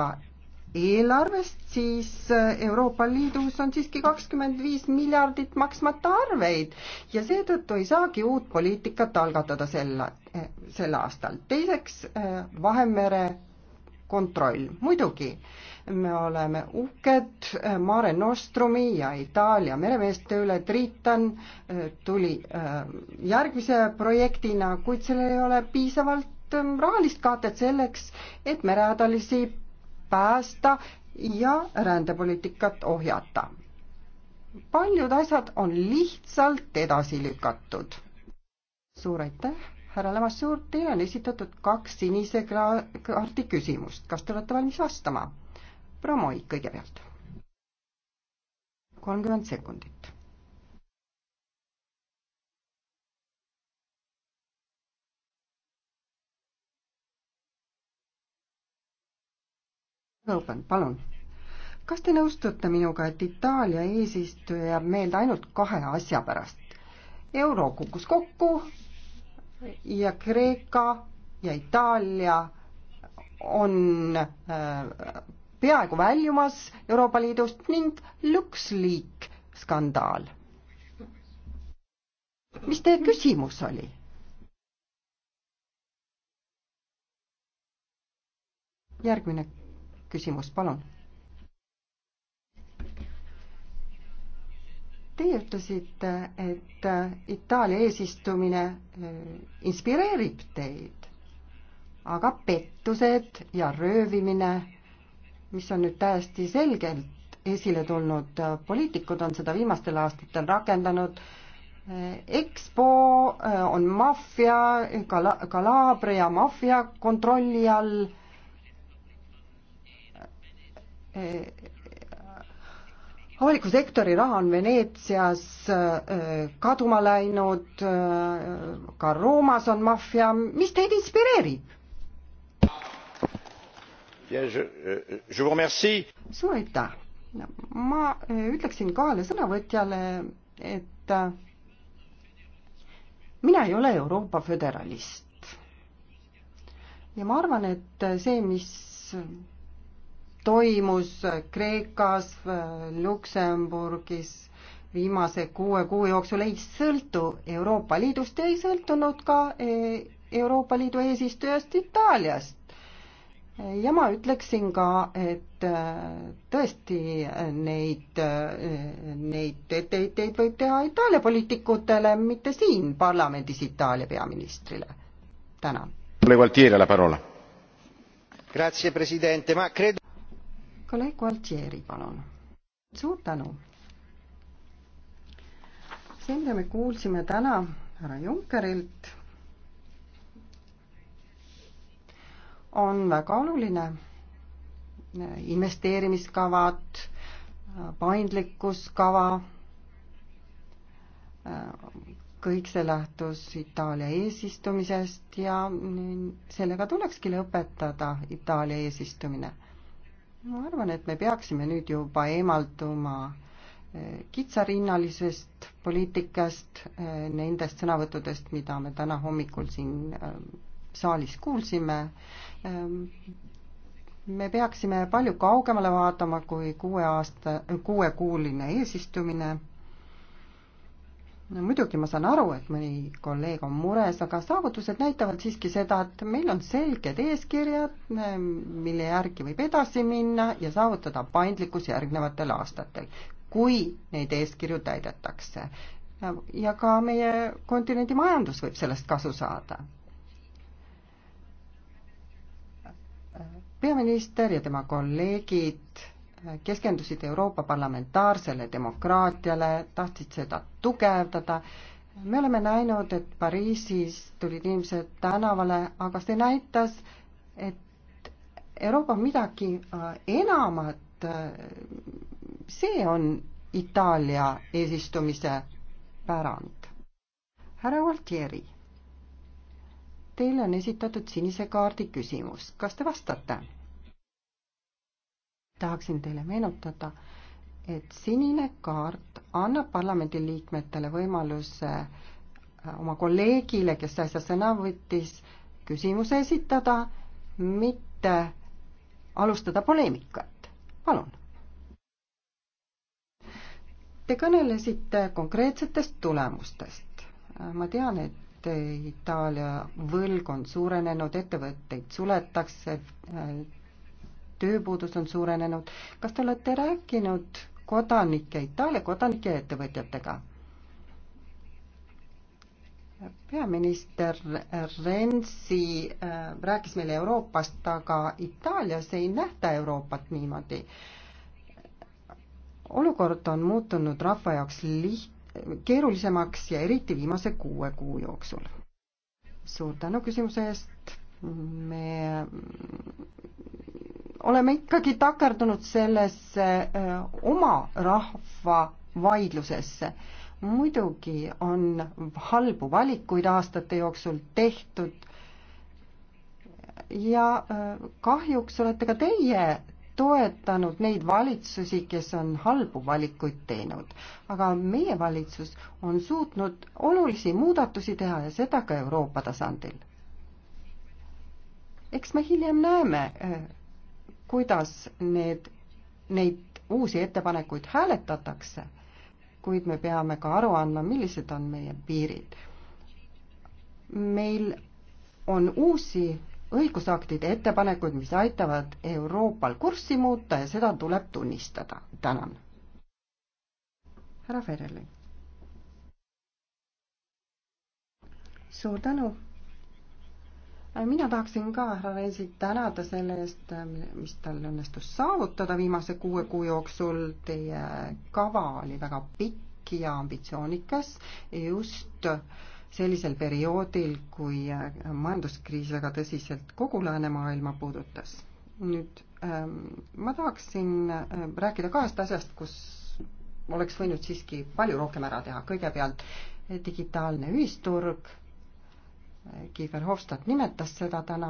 eelarvest, siis äh, Euroopa Liidus on siiski kakskümmend viis miljardit maksmata arveid ja seetõttu ei saagi uut poliitikat algatada sel, äh, sel aastal. teiseks, äh, Vahemere kontroll. muidugi, me oleme uhked Mare Nostrumi ja Itaalia meremeeste üle, Triton tuli järgmise projektina, kuid sellel ei ole piisavalt rahalist katet selleks, et merehädalisi päästa ja rändepoliitikat ohjata. paljud asjad on lihtsalt edasi lükatud. suur aitäh, härra Lemassuur, teile on esitatud kaks sinise kaardi küsimust, kas te olete valmis vastama? promoid kõigepealt. kolmkümmend sekundit Open, palun. kas te nõustute minuga, et Itaalia eesistuja jääb meelde ainult kahe asja pärast? euro kukkus kokku ja Kreeka ja Itaalia on äh, peaaegu väljumas Euroopa Liidust ning LuxLeak skandaal. mis teie küsimus oli? järgmine küsimust, palun. Teie ütlesite, et Itaalia eesistumine äh, inspireerib teid, aga pettused ja röövimine, mis on nüüd täiesti selgelt esile tulnud, äh, poliitikud on seda viimastel aastatel rakendanud, äh, EXPO on maffia, Kala-, Kalabria maffia kontrolli all Eh, avaliku sektori raha on Veneetsias eh, kaduma läinud, eh, ka Roomas on maffia, mis teid inspireerib? suur aitäh! ma ütleksin kahele sõnavõtjale, et mina ei ole Euroopa föderalist. ja ma arvan, et see, mis toimus Kreekas, Luksemburgis viimase kuue kuu jooksul ei sõltu Euroopa Liidust ja ei sõltunud ka eh, Euroopa Liidu eesistujast Itaaliast. ja ma ütleksin ka, et eh, tõesti neid, eh, neid etteheiteid võib teha Itaalia poliitikutele, mitte siin parlamendis Itaalia peaministrile. tänan. Grazie Presidente, ma credo kolleeg Valtieri, palun. suur tänu. see, mida me kuulsime täna härra Junckerilt, on väga oluline. investeerimiskavad, paindlikkuskava, kõik see lähtus Itaalia eesistumisest ja sellega tulekski lõpetada Itaalia eesistumine ma arvan, et me peaksime nüüd juba eemalduma eh, kitsarinnalisest poliitikast, eh, nendest sõnavõttudest, mida me täna hommikul siin eh, saalis kuulsime. me peaksime palju kaugemale vaatama kui kuue aasta, kuuekuuline eesistumine no muidugi ma saan aru, et mõni kolleeg on mures, aga saavutused näitavad siiski seda, et meil on selged eeskirjad, mille järgi võib edasi minna ja saavutada paindlikkus järgnevatel aastatel, kui neid eeskirju täidetakse. ja ka meie kontinendi majandus võib sellest kasu saada. peaminister ja tema kolleegid keskendusid Euroopa parlamentaarsele demokraatiale, tahtsid seda tugevdada. me oleme näinud, et Pariisis tulid inimesed tänavale, aga see näitas, et Euroopa on midagi äh, enamat. see on Itaalia eesistumise pärand. härra Gualtieri, teile on esitatud sinise kaardi küsimus, kas te vastate? tahaksin teile meenutada, et sinine kaart annab parlamendiliikmetele võimaluse äh, oma kolleegile, kes äsja sõna võttis, küsimuse esitada, mitte alustada poleemikat. palun. Te kõnelesite konkreetsetest tulemustest. Äh, ma tean, et Itaalia võlg on suurenenud, ettevõtteid suletakse, äh, tööpuudus on suurenenud. kas te olete rääkinud kodanike, Itaalia kodanike ja ettevõtjatega? peaminister Renzi äh, rääkis meile Euroopast, aga Itaalias ei nähta Euroopat niimoodi. olukord on muutunud rahva jaoks liht-, keerulisemaks ja eriti viimase kuue kuu jooksul. suur tänu küsimuse eest me oleme ikkagi takerdunud sellesse oma rahva vaidlusesse. muidugi on halbu valikuid aastate jooksul tehtud ja kahjuks olete ka teie toetanud neid valitsusi, kes on halbu valikuid teinud. aga meie valitsus on suutnud olulisi muudatusi teha ja seda ka Euroopa tasandil. eks me hiljem näeme, kuidas need, neid uusi ettepanekuid hääletatakse, kuid me peame ka aru andma, millised on meie piirid. meil on uusi õigusaktide ettepanekuid, mis aitavad Euroopal kurssi muuta ja seda tuleb tunnistada. tänan. härra Fereli. suur tänu mina tahaksin ka härra Reisit tänada selle eest, mis tal õnnestus saavutada viimase kuue kuu jooksul. Teie kava oli väga pikk ja ambitsioonikas just sellisel perioodil, kui majanduskriis väga tõsiselt kogu läänemaailma puudutas. nüüd ähm, ma tahaksin ähm, rääkida kahest asjast, kus oleks võinud siiski palju rohkem ära teha. kõigepealt digitaalne ühisturg Kiefer Hofstadt nimetas seda täna,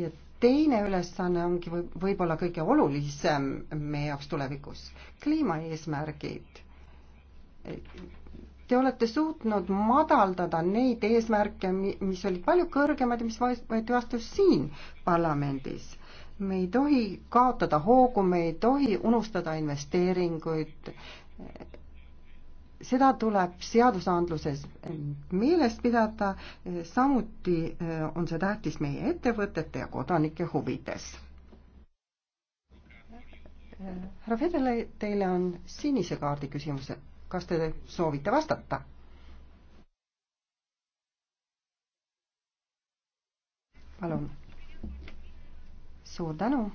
ja teine ülesanne ongi võib võib-olla kõige olulisem meie jaoks tulevikus, kliimaeesmärgid. Te olete suutnud madaldada neid eesmärke, mis olid palju kõrgemad ja mis võeti vastu siin parlamendis me ei tohi kaotada hoogu, me ei tohi unustada investeeringuid seda tuleb seadusandluses meeles pidada, samuti eh, on see tähtis meie ettevõtete ja kodanike huvides. härra Fedele, teile on sinise kaardi küsimus, kas te soovite vastata? palun. suur tänu.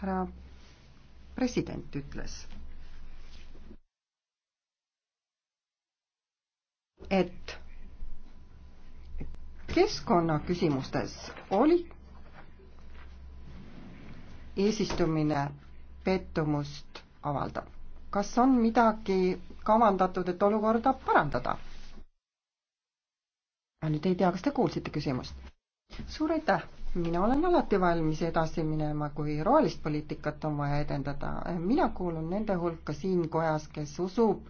härra president ütles, et keskkonnaküsimustes oli eesistumine pettumust avaldav. kas on midagi kavandatud, et olukorda parandada? ma nüüd ei tea, kas te kuulsite küsimust? suur aitäh! mina olen alati valmis edasi minema, kui rohelist poliitikat on vaja edendada. mina kuulun nende hulka siin kojas, kes usub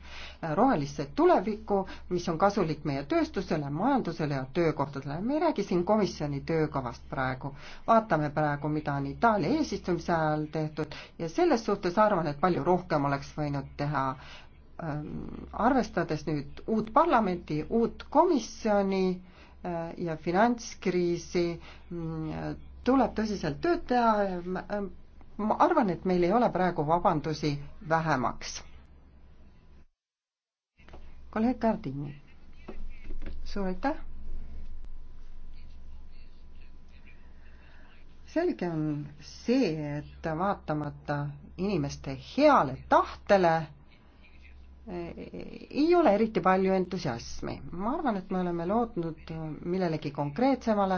rohelisse tulevikku, mis on kasulik meie tööstusele, majandusele ja töökohtadele. me ei räägi siin komisjoni töökavast praegu. vaatame praegu, mida on Itaalia eesistumise ajal tehtud ja selles suhtes arvan, et palju rohkem oleks võinud teha arvestades nüüd uut parlamenti, uut komisjoni Äh, ja finantskriisi mm, tuleb tõsiselt tööd teha. Äh, ma arvan, et meil ei ole praegu vabandusi vähemaks. kolleeg Kardini, suur aitäh. selge on see, et vaatamata inimeste heale tahtele ei ole eriti palju entusiasmi. ma arvan, et me oleme lootnud millelegi konkreetsemale.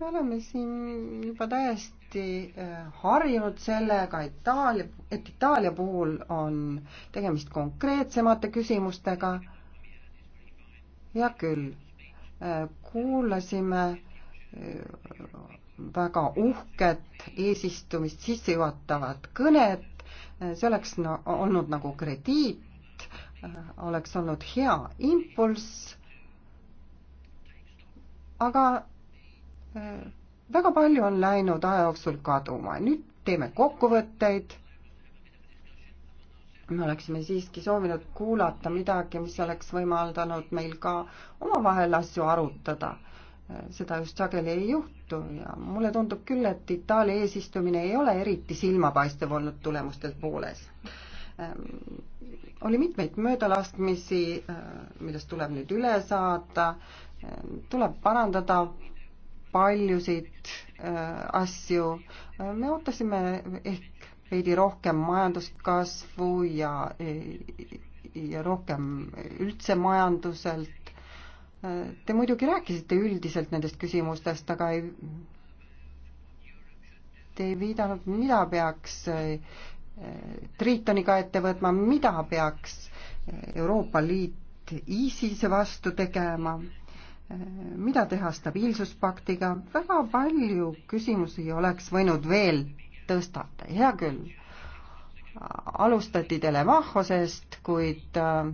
me oleme siin juba täiesti äh, harjunud sellega, Itaalia, et Itaalia puhul on tegemist konkreetsemate küsimustega. hea küll, äh, kuulasime äh, väga uhket eesistumist sissejuhatavat kõnet see oleks no, olnud nagu krediit, oleks olnud hea impulss, aga äh, väga palju on läinud aja jooksul kaduma, nüüd teeme kokkuvõtteid, me oleksime siiski soovinud kuulata midagi, mis oleks võimaldanud meil ka omavahel asju arutada seda just sageli ei juhtu ja mulle tundub küll, et Itaalia eesistumine ei ole eriti silmapaistev olnud tulemustelt pooles oli mitmeid möödalaskmisi, millest tuleb nüüd üle saada, tuleb parandada paljusid äh, asju, me ootasime ehk veidi rohkem majanduskasvu ja, ja rohkem üldse majanduselt, Te muidugi rääkisite üldiselt nendest küsimustest, aga ei, te ei viidanud, mida peaks eh, Tritoniga ette võtma, mida peaks eh, Euroopa Liit ISISe vastu tegema, eh, mida teha stabiilsuspaktiga, väga palju küsimusi oleks võinud veel tõstata, hea küll. alustati Telemahosest, kuid äh,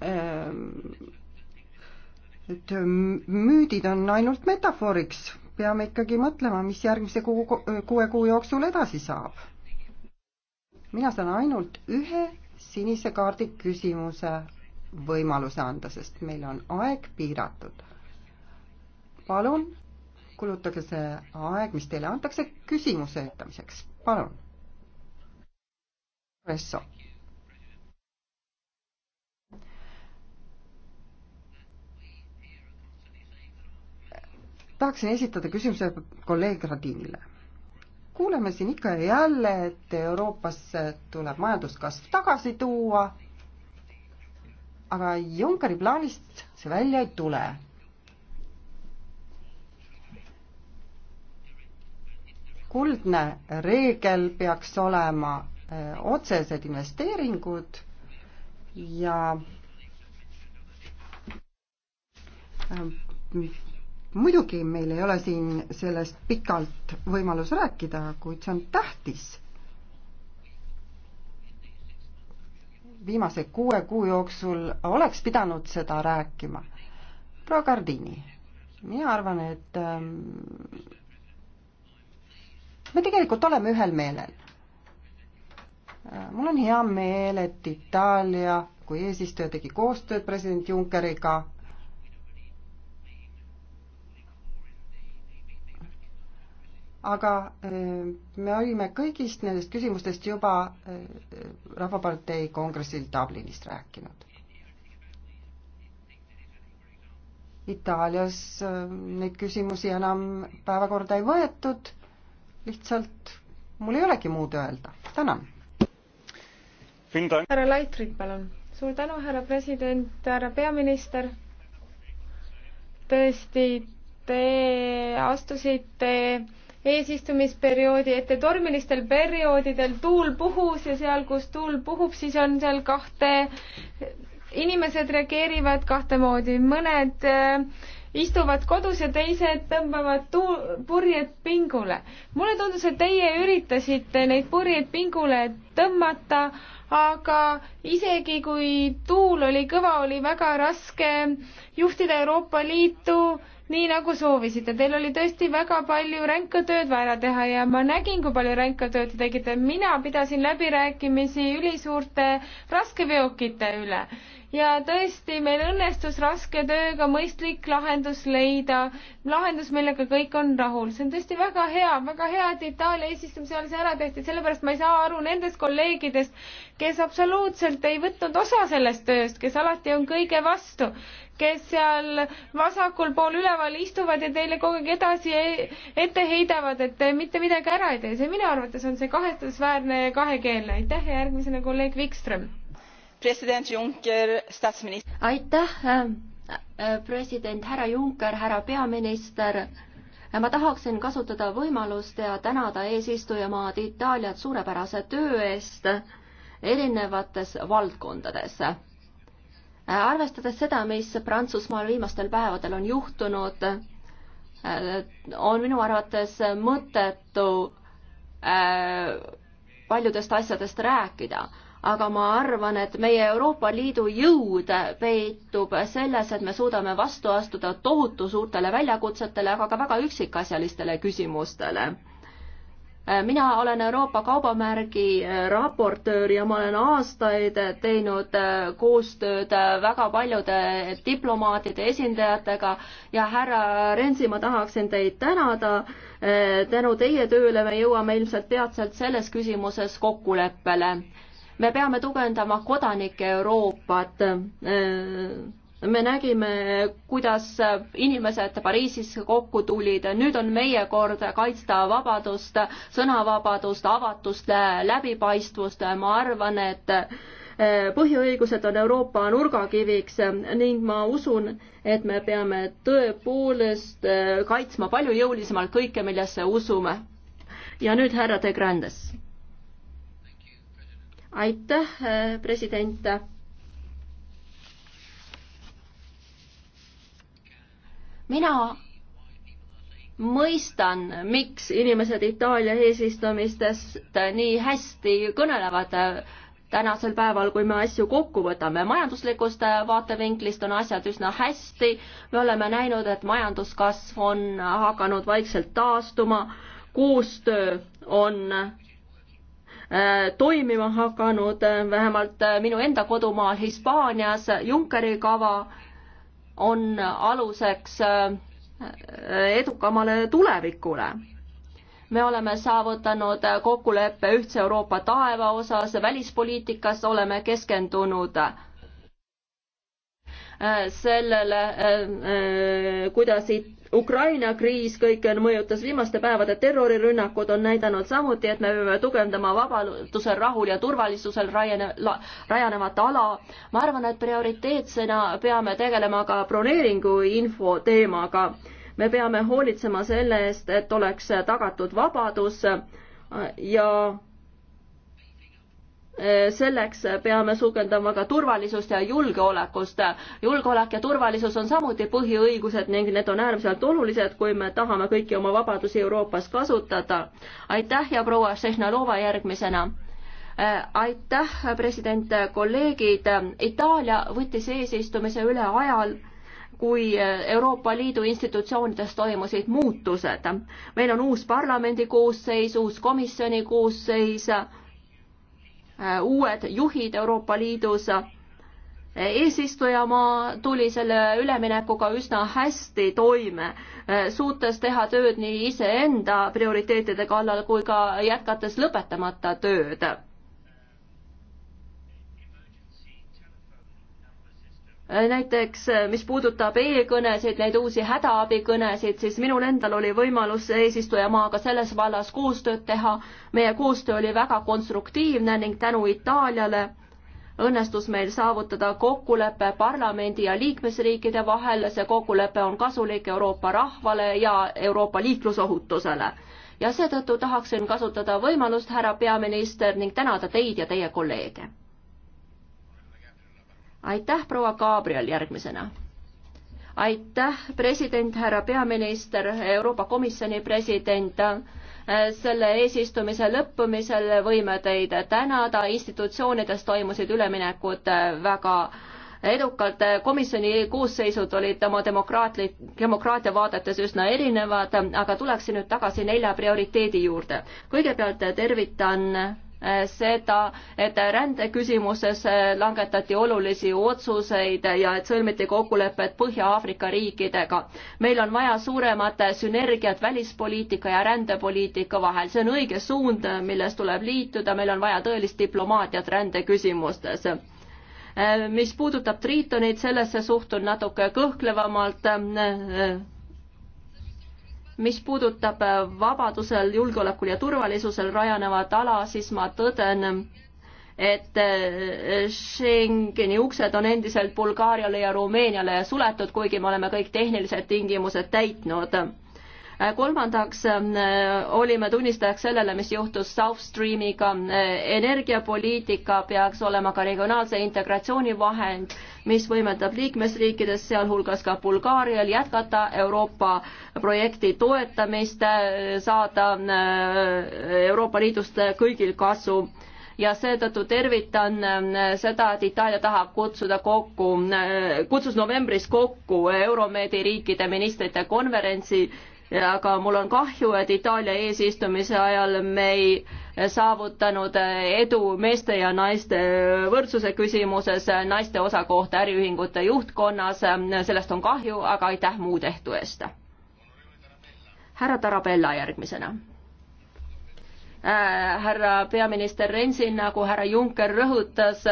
Ehm, et ehm, müüdid on ainult metafooriks, peame ikkagi mõtlema, mis järgmise kuu, kuue kuu jooksul edasi saab. mina saan ainult ühe sinise kaardi küsimuse võimaluse anda, sest meil on aeg piiratud. palun kulutage see aeg, mis teile antakse, küsimuse ütlamiseks, palun. Espresso tahaksin esitada küsimuse kolleeg Radinile. kuuleme siin ikka ja jälle, et Euroopasse tuleb majanduskasv tagasi tuua, aga Junckeri plaanist see välja ei tule. kuldne reegel peaks olema eh, otsesed investeeringud ja eh, muidugi meil ei ole siin sellest pikalt võimalus rääkida, kuid see on tähtis. viimase kuue kuu jooksul oleks pidanud seda rääkima. proua Gardini, mina arvan, et ähm, me tegelikult oleme ühel meelel. mul on hea meel, et Itaalia kui eesistuja tegi koostööd president Junckeriga aga eh, me olime kõigist nendest küsimustest juba eh, Rahvapartei kongressil Dublinist rääkinud. Itaalias eh, neid küsimusi enam päevakorda ei võetud, lihtsalt mul ei olegi muud öelda, tänan. härra
Laitrit, palun. suur tänu, härra president, härra peaminister. tõesti, te astusite eesistumisperioodi, et tormilistel perioodidel tuul puhus ja seal, kus tuul puhub, siis on seal kahte, inimesed reageerivad kahte moodi, mõned äh, istuvad kodus ja teised tõmbavad tuu-, purjed pingule. mulle tundus, et teie üritasite neid purjeid pingule tõmmata, aga isegi kui tuul oli kõva, oli väga raske juhtida Euroopa Liitu nii nagu soovisite, teil oli tõesti väga palju ränka tööd vaja ära teha ja ma nägin, kui palju ränka tööd te tegite. mina pidasin läbirääkimisi ülisuurte raskeveokite üle ja tõesti, meil õnnestus raske tööga mõistlik lahendus leida, lahendus, millega kõik on rahul. see on tõesti väga hea, väga hea, et Itaalia eesistumise ajal see ära tehti, sellepärast ma ei saa aru nendest kolleegidest, kes absoluutselt ei võtnud osa sellest tööst, kes alati on kõige vastu kes seal vasakul pool üleval istuvad ja teile kogu aeg edasi e-, ette heidavad, et te mitte midagi ära ei tee. see minu arvates on see kahetsusväärne ja kahekeelne. aitäh ja järgmisena kolleeg Vikström president Juncker, statsminister. aitäh, äh, president härra Juncker, härra peaminister.
ma tahaksin kasutada võimalust ja tänada eesistujamaad Itaaliat suurepärase töö eest erinevates valdkondades. Äh, arvestades seda, mis Prantsusmaal viimastel päevadel on juhtunud, äh, on minu arvates mõttetu paljudest asjadest rääkida aga ma arvan, et meie Euroopa Liidu jõud peitub selles, et me suudame vastu astuda tohutu suurtele väljakutsetele, aga ka väga üksikasjalistele küsimustele. mina olen Euroopa kaubamärgi raportöör ja ma olen aastaid teinud koostööd väga paljude diplomaatide esindajatega ja härra Rensi, ma tahaksin teid tänada. tänu teie tööle me jõuame ilmselt peatselt selles küsimuses kokkuleppele me peame tugevdama kodanike Euroopat äh, me nägime, kuidas inimesed Pariisis kokku tulid, nüüd on meie kord kaitsta vabadust, sõnavabadust, avatust, läbipaistvust, ma arvan, et äh, põhiõigused on Euroopa nurgakiviks ning ma usun, et me peame tõepoolest äh, kaitsma palju jõulisemalt kõike, millesse usume. ja nüüd härra De Grandes aitäh, äh, president. mina mõistan, miks inimesed Itaalia eesistumistest nii hästi kõnelevad äh, tänasel päeval, kui me asju kokku võtame. majanduslikust äh, vaatevinklist on asjad üsna hästi, me oleme näinud, et majanduskasv on hakanud vaikselt taastuma, koostöö on Äh, toimima hakanud, äh, vähemalt äh, minu enda kodumaal Hispaanias Junckeri kava on aluseks edukamale tulevikule. me oleme saavutanud kokkuleppe ühtse Euroopa taeva osas, välispoliitikas oleme keskendunud sellele, kuidas it-, Ukraina kriis kõik mõjutas viimaste päevade terrorirünnakud on näidanud samuti, et me peame tugevdama vabadusel, rahul ja turvalisusel rajane, la, rajanevat ala. ma arvan, et prioriteetsena peame tegelema ka broneeringu info teemaga. me peame hoolitsema selle eest, et oleks tagatud vabadus ja Äh, selleks peame sukelduma ka turvalisust ja julgeolekust. julgeolek ja turvalisus on samuti põhiõigused ning need on äärmiselt olulised, kui me tahame kõiki oma vabadusi Euroopas kasutada. aitäh ja proua Šehnalova järgmisena. Äh, aitäh, president, kolleegid. Itaalia võttis eesistumise üle ajal, kui Euroopa Liidu institutsioonides toimusid muutused. meil on uus parlamendi koosseis, uus komisjoni koosseis Äh, uued juhid Euroopa Liidus eesistujamaa tuli selle üleminekuga üsna hästi toime, äh, suutes teha tööd nii iseenda prioriteetide kallal kui ka jätkates lõpetamata tööd. Äh, näiteks äh, mis puudutab e-kõnesid, neid uusi hädaabikõnesid, siis minul endal oli võimalus eesistujamaaga selles vallas koostööd teha. meie koostöö oli väga konstruktiivne ning tänu Itaaliale õnnestus meil saavutada kokkulepe parlamendi ja liikmesriikide vahel. see kokkulepe on kasulik Euroopa rahvale ja Euroopa liiklusohutusele. ja seetõttu tahaksin kasutada võimalust, härra peaminister, ning tänada teid ja teie kolleege aitäh, proua Gabriel järgmisena. aitäh, president, härra peaminister, Euroopa Komisjoni president selle eesistumise lõppumisel võime teid tänada, institutsioonides toimusid üleminekud väga edukalt, komisjoni koosseisud olid oma demokraatlik, demokraatia vaadetes üsna erinevad, aga tuleksin nüüd tagasi nelja prioriteedi juurde. kõigepealt tervitan Äh, seda, et rändeküsimuses äh, langetati olulisi otsuseid ja et sõlmiti kokkulepped Põhja-Aafrika riikidega. meil on vaja suuremat sünergiat välispoliitika ja rändepoliitika vahel, see on õige suund, milles tuleb liituda, meil on vaja tõelist diplomaatiat rändeküsimustes äh, mis puudutab Triitonit, sellesse suhtun natuke kõhklevamalt mis puudutab äh, vabadusel, julgeolekul ja turvalisusel rajanevat ala, siis ma tõden, et äh, Schengeni uksed on endiselt Bulgaariale ja Rumeeniale suletud, kuigi me oleme kõik tehnilised tingimused täitnud Äh, kolmandaks äh, olime tunnistajaks sellele, mis juhtus South Streamiga. Äh, energiapoliitika peaks olema ka regionaalse integratsiooni vahend, mis võimaldab liikmesriikides, sealhulgas ka Bulgaarial, jätkata Euroopa projekti toetamist, saada Euroopa Liidust kõigil kasu ja seetõttu tervitan seda, et Itaalia tahab kutsuda kokku, kutsus novembris kokku Euromedi riikide ministrite konverentsi aga mul on kahju, et Itaalia eesistumise ajal me ei saavutanud edu meeste ja naiste võrdsuse küsimuses, naiste osakoht äriühingute juhtkonnas, sellest on kahju, aga aitäh muu tehtu eest. härra Tarabella järgmisena äh, härra peaminister Rensin, nagu härra Juncker rõhutas,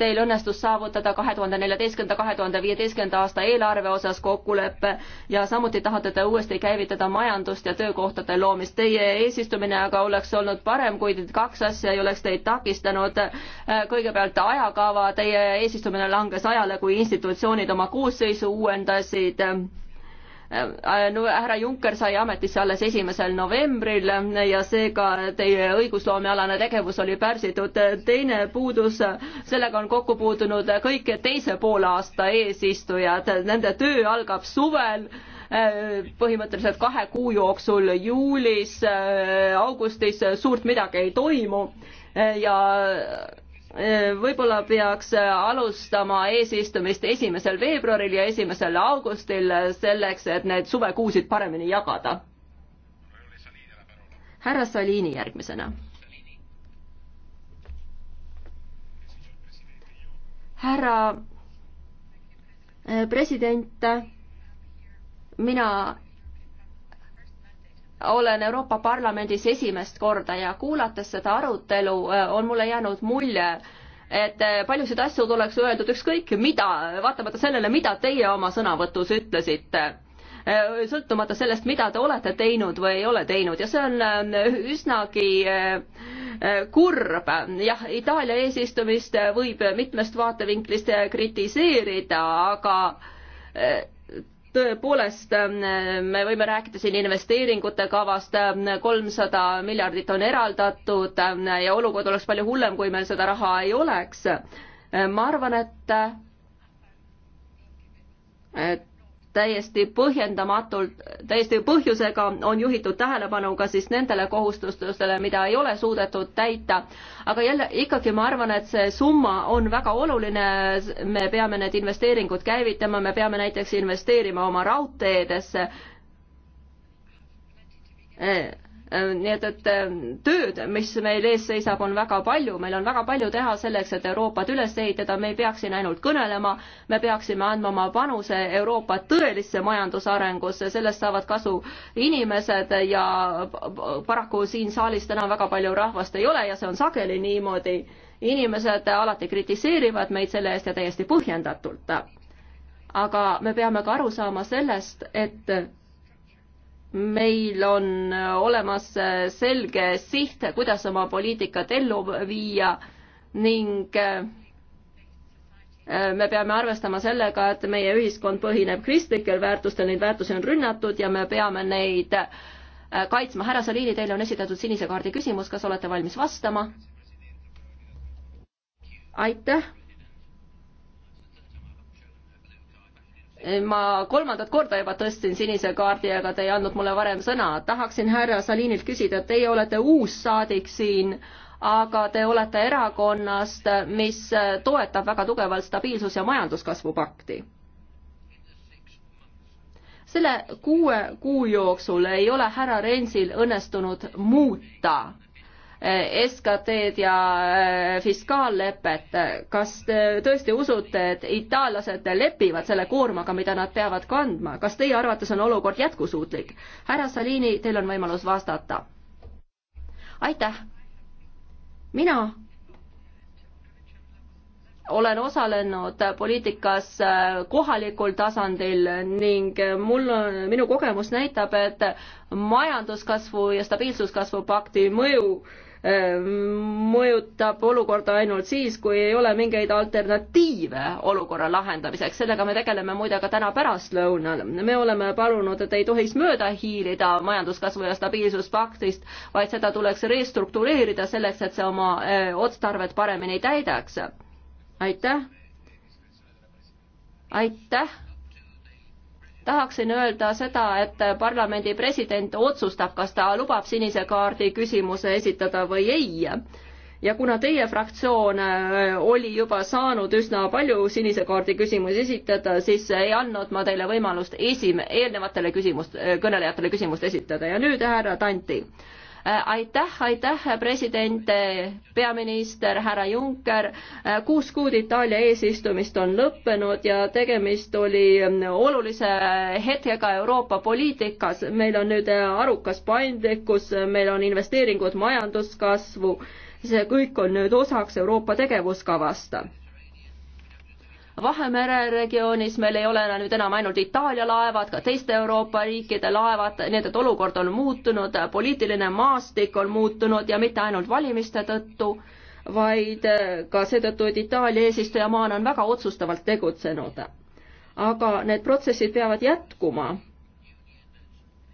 teil õnnestus saavutada kahe tuhande neljateistkümnenda, kahe tuhande viieteistkümnenda aasta eelarve osas kokkulepe ja samuti tahate te uuesti käivitada majandust ja töökohtade loomist. Teie eesistumine aga oleks olnud parem, kui kaks asja ei oleks teid takistanud. kõigepealt ajakava, teie eesistumine langes ajale, kui institutsioonid oma koosseisu uuendasid Äh, no härra Juncker sai ametisse alles esimesel novembril ja seega teie õigusloomealane tegevus oli pärsitud. teine puudus, sellega on kokku puutunud kõik teise poolaasta eesistujad, nende töö algab suvel äh, põhimõtteliselt kahe kuu jooksul juulis, äh, augustis suurt midagi ei toimu ja Äh, võib-olla peaks äh, alustama eesistumist esimesel veebruaril ja esimesel augustil äh, selleks, et need suvekuusid paremini jagada. härra Salini järgmisena. härra president, mina olen Euroopa Parlamendis esimest korda ja kuulates seda arutelu, äh, on mulle jäänud mulje, et äh, paljusid asju tuleks öeldud ükskõik mida, vaatamata sellele, mida teie oma sõnavõtus ütlesite. Äh, sõltumata sellest, mida te olete teinud või ei ole teinud ja see on üsnagi kurb. jah, Itaalia eesistumist võib mitmest vaatevinklist kritiseerida, aga tõepoolest, ähm, me võime rääkida siin investeeringute kavast, ähm, kolmsada miljardit on eraldatud ähm, ja olukord oleks palju hullem, kui meil seda raha ei oleks. Äh, ma arvan, et äh, et täiesti põhjendamatult, täiesti põhjusega on juhitud tähelepanu ka siis nendele kohustustele, mida ei ole suudetud täita. aga jälle ikkagi ma arvan, et see summa on väga oluline, me peame need investeeringud käivitama, me peame näiteks investeerima oma raudteedesse Äh, nii et, et äh, tööd, mis meil ees seisab, on väga palju, meil on väga palju teha selleks, et Euroopat üles ehitada, me ei peaks siin ainult kõnelema, me peaksime andma oma panuse Euroopa tõelisse majandusarengusse, sellest saavad kasu inimesed ja paraku siin saalis täna väga palju rahvast ei ole ja see on sageli niimoodi. inimesed alati kritiseerivad meid selle eest ja täiesti põhjendatult. aga me peame ka aru saama sellest, et meil on äh, olemas äh, selge siht, kuidas oma poliitikat ellu viia ning äh, me peame arvestama sellega, et meie ühiskond põhineb kristlikel väärtustel, neid väärtusi on rünnatud ja me peame neid kaitsma. härra Salini, teile on esitatud sinise kaardi küsimus, kas olete valmis vastama? aitäh ma kolmandat korda juba tõstsin sinise kaardi, aga te ei andnud mulle varem sõna. tahaksin härra Salinilt küsida, teie olete uus saadik siin, aga te olete erakonnast, mis toetab väga tugevalt stabiilsus- ja majanduskasvu pakti. selle kuue kuu jooksul ei ole härra Rensil õnnestunud muuta SKT-d ja äh, fiskaallepet. kas te tõesti usute, et itaallased lepivad selle koormaga, mida nad peavad kandma? kas teie arvates on olukord jätkusuutlik? härra Salini, teil on võimalus vastata. aitäh. mina olen osalenud poliitikas äh, kohalikul tasandil ning mul on, minu kogemus näitab, et majanduskasvu ja stabiilsuskasvu pakti mõju Ehm, mõjutab olukorda ainult siis, kui ei ole mingeid alternatiive olukorra lahendamiseks. sellega me tegeleme muide ka täna pärastlõunal. me oleme palunud, et ei tohiks mööda hiilida majanduskasvu ja stabiilsuspaktist, vaid seda tuleks restruktureerida selleks, et see oma eh, otstarvet paremini täidaks. aitäh. aitäh tahaksin öelda seda, et parlamendi president otsustab, kas ta lubab sinise kaardi küsimuse esitada või ei. ja kuna teie fraktsioon äh, oli juba saanud üsna palju sinise kaardi küsimusi esitada, siis ei andnud ma teile võimalust esim-, eelnevatele küsimust, kõnelejatele küsimust esitada ja nüüd härra Tanti Äh, aitäh, aitäh, president, äh, peaminister, härra Juncker. Äh, kuus kuud Itaalia eesistumist on lõppenud ja tegemist oli ähm, olulise hetkega Euroopa poliitikas. meil on nüüd arukas paindlikkus, meil on investeeringud majanduskasvu, see kõik on nüüd osaks Euroopa tegevuskavast Vahemere regioonis meil ei ole nüüd enam ainult Itaalia laevad, ka teiste Euroopa riikide laevad, nii et, et olukord on muutunud, poliitiline maastik on muutunud ja mitte ainult valimiste tõttu, vaid äh, ka seetõttu, et Itaalia eesistujamaana on väga otsustavalt tegutsenud. aga need protsessid peavad jätkuma.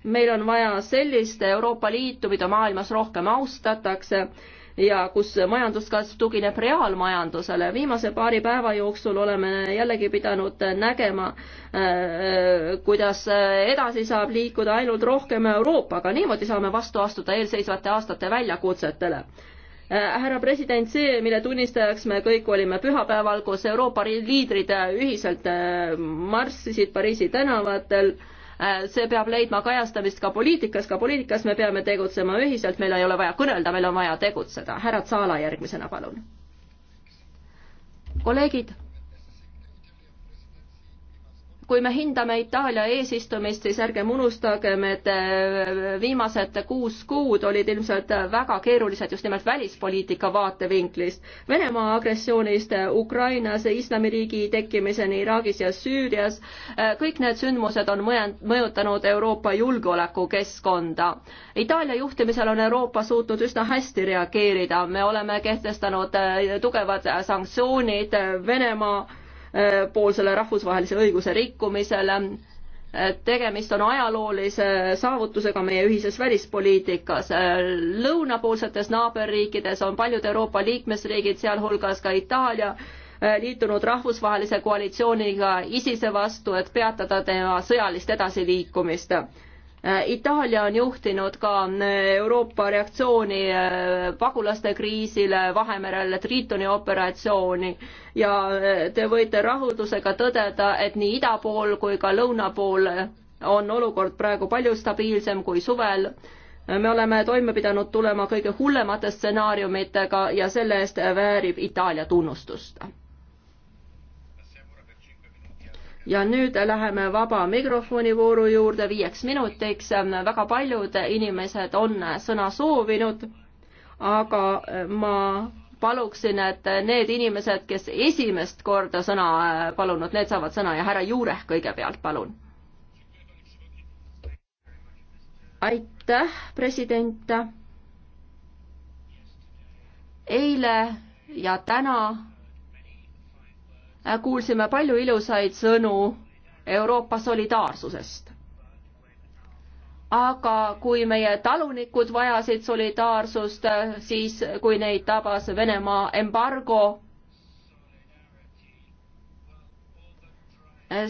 meil on vaja sellist Euroopa Liitu, mida maailmas rohkem austatakse ja kus majanduskasv tugineb reaalmajandusele. viimase paari päeva jooksul oleme jällegi pidanud nägema, äh, kuidas edasi saab liikuda ainult rohkem Euroopaga, niimoodi saame vastu astuda eelseisvate aastate väljakutsetele äh, härra president, see, mille tunnistajaks me kõik olime pühapäeval, kus Euroopa liidrid ühiselt äh, marssisid Pariisi tänavatel äh,, Äh, see peab leidma kajastamist ka poliitikas, ka poliitikas me peame tegutsema ühiselt, meil ei ole vaja kõnelda, meil on vaja tegutseda. härra Tsala järgmisena, palun. kolleegid kui me hindame Itaalia eesistumist, siis ärgem unustagem, et äh, viimased kuus kuud olid ilmselt väga keerulised just nimelt välispoliitika vaatevinklist. Venemaa agressioonist Ukrainas, islamiriigi tekkimiseni Iraagis ja Süürias, äh, kõik need sündmused on mõjutanud Euroopa julgeolekukeskkonda. Itaalia juhtimisel on Euroopa suutnud üsna hästi reageerida, me oleme kehtestanud äh, tugevad sanktsioonid Venemaa poolsele rahvusvahelise õiguse rikkumisele. tegemist on ajaloolise saavutusega meie ühises välispoliitikas. lõunapoolsetes naaberriikides on paljud Euroopa liikmesriigid, sealhulgas ka Itaalia, liitunud rahvusvahelise koalitsiooniga ISISe vastu, et peatada tema sõjalist edasiliikumist Äh, Itaalia on juhtinud ka äh, Euroopa reaktsiooni äh, pagulaste kriisile Vahemerel, Tritoni operatsiooni ja te võite rahuldusega tõdeda, et nii ida pool kui ka lõuna pool on olukord praegu palju stabiilsem kui suvel. me oleme toime pidanud tulema kõige hullemate stsenaariumitega ja selle eest väärib Itaalia tunnustust ja nüüd läheme vaba mikrofoni vooru juurde viieks minutiks. väga paljud inimesed on sõna soovinud, aga ma paluksin, et need inimesed, kes esimest korda sõna äh, palunud, need saavad sõna ja härra Juureh kõigepealt, palun. aitäh, president. eile ja täna kuulsime palju ilusaid sõnu Euroopa solidaarsusest. aga kui meie talunikud vajasid solidaarsust, siis kui neid tabas Venemaa embargo,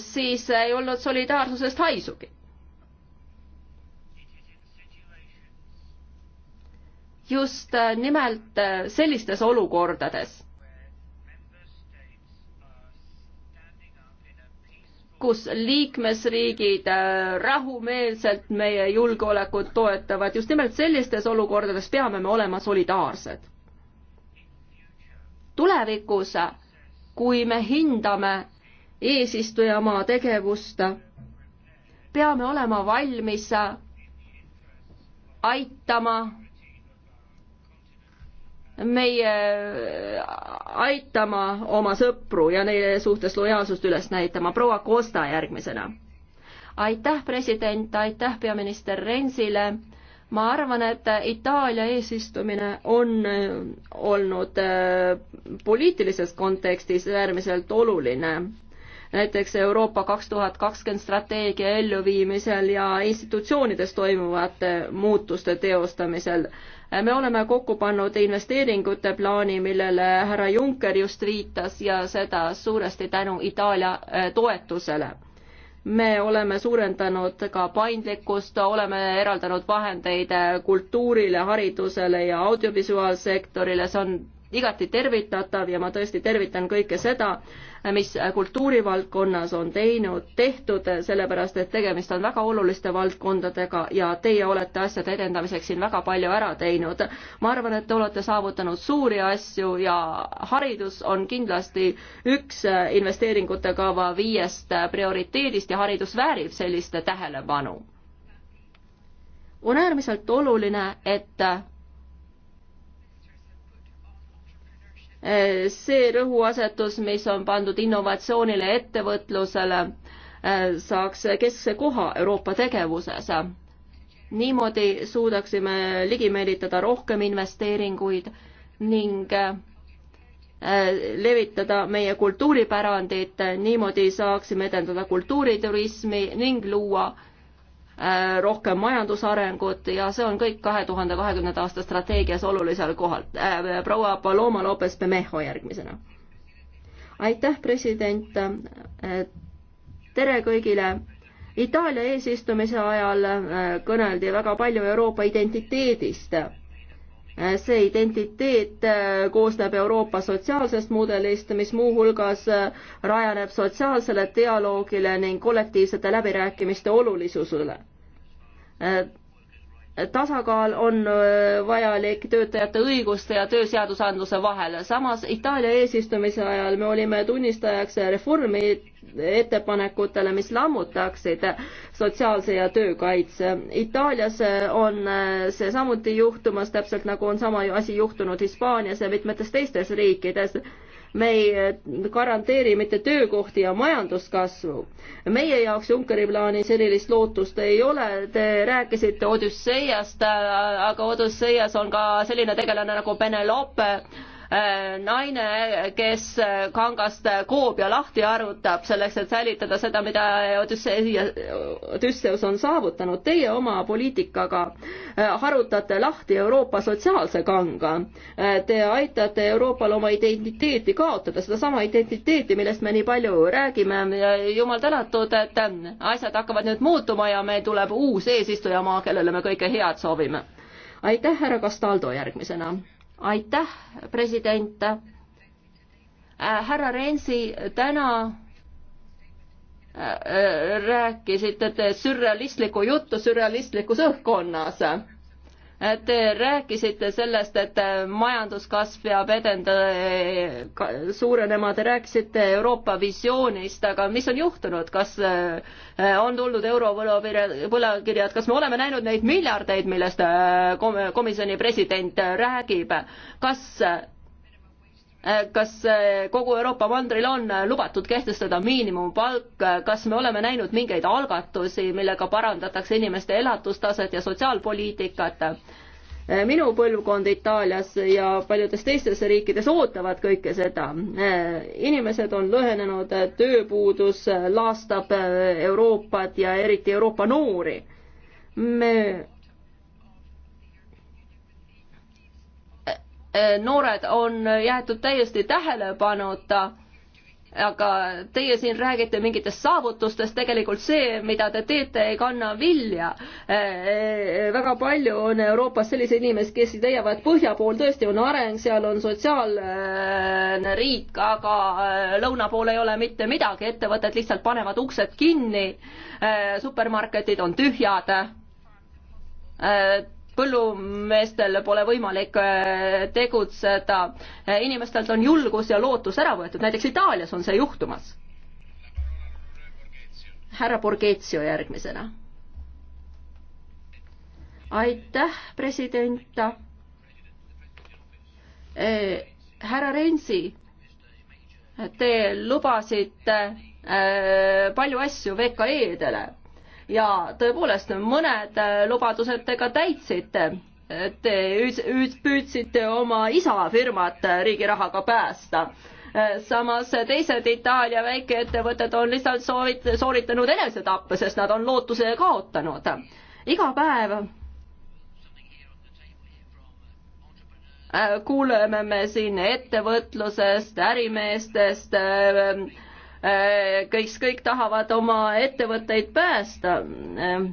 siis ei olnud solidaarsusest haisugi. just nimelt sellistes olukordades kus liikmesriigid äh, rahumeelselt meie julgeolekut toetavad, just nimelt sellistes olukordades peame me olema solidaarsed. tulevikus, kui me hindame eesistujamaa tegevust, peame olema valmis aitama meie äh, aitama oma sõpru ja neile suhtes lojaalsust üles näitama. proua Costa järgmisena. aitäh, president, aitäh peaminister Rensile. ma arvan, et Itaalia eesistumine on äh, olnud äh, poliitilises kontekstis äärmiselt oluline näiteks Euroopa kaks tuhat kakskümmend strateegia elluviimisel ja institutsioonides toimuvate muutuste teostamisel me oleme kokku pannud investeeringute plaani, millele härra Juncker just viitas ja seda suuresti tänu Itaalia äh, toetusele me oleme suurendanud ka paindlikkust, oleme eraldanud vahendeid äh, kultuurile, haridusele ja audiovisuaalsektorile, see on igati tervitatav ja ma tõesti tervitan kõike seda, mis kultuurivaldkonnas on teinud, tehtud, sellepärast et tegemist on väga oluliste valdkondadega ja teie olete asjade edendamiseks siin väga palju ära teinud. ma arvan, et te olete saavutanud suuri asju ja haridus on kindlasti üks investeeringute kava viiest prioriteedist ja haridus väärib sellist tähelepanu. on äärmiselt oluline, et Eh, see rõhuasetus, mis on pandud innovatsioonile, ettevõtlusele, eh, saaks keskse koha Euroopa tegevuses. niimoodi suudaksime ligi meelitada rohkem investeeringuid ning eh, levitada meie kultuuripärandit, niimoodi saaksime edendada kultuuriturismi ning luua Äh, rohkem majandusarengut ja see on kõik kahe tuhande kahekümnenda aasta strateegias olulisel kohal äh,. proua Paloma Lopez Pemejo järgmisena. aitäh, president. Äh, tere kõigile. Itaalia eesistumise ajal äh, kõneldi väga palju Euroopa identiteedist Äh, see identiteet äh, koosneb Euroopa sotsiaalsest mudelist, mis muuhulgas äh, rajaneb sotsiaalsele dialoogile ning kollektiivsete läbirääkimiste olulisusele tasakaal on vajalik töötajate õiguste ja tööseadusandluse vahel. samas Itaalia eesistumise ajal me olime tunnistajaks reformi ettepanekutele, mis lammutaksid sotsiaalse ja töökaitse. Itaalias on see samuti juhtumas, täpselt nagu on sama asi juhtunud Hispaanias ja mitmetes teistes riikides me ei eh, garanteeri mitte töökohti ja majanduskasvu. meie jaoks Junckeri plaanis erilist lootust ei ole, te rääkisite Odüsseiast, äh, aga Odüsseias on ka selline tegelane nagu Penelope, Äh, naine, kes äh, kangast äh, koobja lahti harutab selleks, et säilitada seda, mida Odysseus on saavutanud. Teie oma poliitikaga harutate lahti Euroopa sotsiaalse kanga. Te aitate Euroopal oma identiteeti kaotada, sedasama identiteeti, millest me nii palju räägime. jumal tänatud, et asjad hakkavad nüüd muutuma ja meil tuleb uus eesistujamaa, kellele me kõike head soovime. aitäh, härra Castaldo, järgmisena aitäh, president. Äh, härra Rensi, täna äh, äh, rääkisite te sürrealistlikku juttu sürrealistlikus õhkkonnas Te rääkisite sellest, et majanduskasv peab edenda-, suurenema, te rääkisite Euroopa visioonist, aga mis on juhtunud, kas äh, on tulnud eurovõlakirjad, kas me oleme näinud neid miljardeid, millest äh, komisjoni president räägib, kas Eh, kas eh, kogu Euroopa mandril on eh, lubatud kehtestada miinimumpalk, kas me oleme näinud mingeid algatusi, millega parandatakse inimeste elatustaset ja sotsiaalpoliitikat? minu põlvkond Itaalias ja paljudes teistes riikides ootavad kõike seda. inimesed on lõhenenud, tööpuudus laastab Euroopat ja eriti Euroopa noori. me Äh, noored on jäetud täiesti tähelepanuta. aga teie siin räägite mingitest saavutustest, tegelikult see, mida te teete, ei kanna vilja. Äh, äh, väga palju on Euroopas selliseid inimesi, kes leiavad, põhja pool tõesti on areng, seal on sotsiaalne riik, aga lõuna pool ei ole mitte midagi, ettevõtted lihtsalt panevad uksed kinni, supermarketid on tühjad põllumeestel pole võimalik äh, tegutseda, äh, inimestelt on julgus ja lootus ära võetud, näiteks Itaalias on see juhtumas. härra Borghezio järgmisena. aitäh, president. Äh, härra Rensi, te lubasite palju asju VKE-dele ja tõepoolest mõned äh, lubadused te ka täitsite. Te püüdsite oma isa firmat äh, riigi rahaga päästa äh, samas teised Itaalia väikeettevõtted on lihtsalt soovit-, sooritanud enesetappe, sest nad on lootuse kaotanud. iga päev kuuleme me siin ettevõtlusest, ärimeestest, Äh, kõik, kõik tahavad oma ettevõtteid päästa. Äh,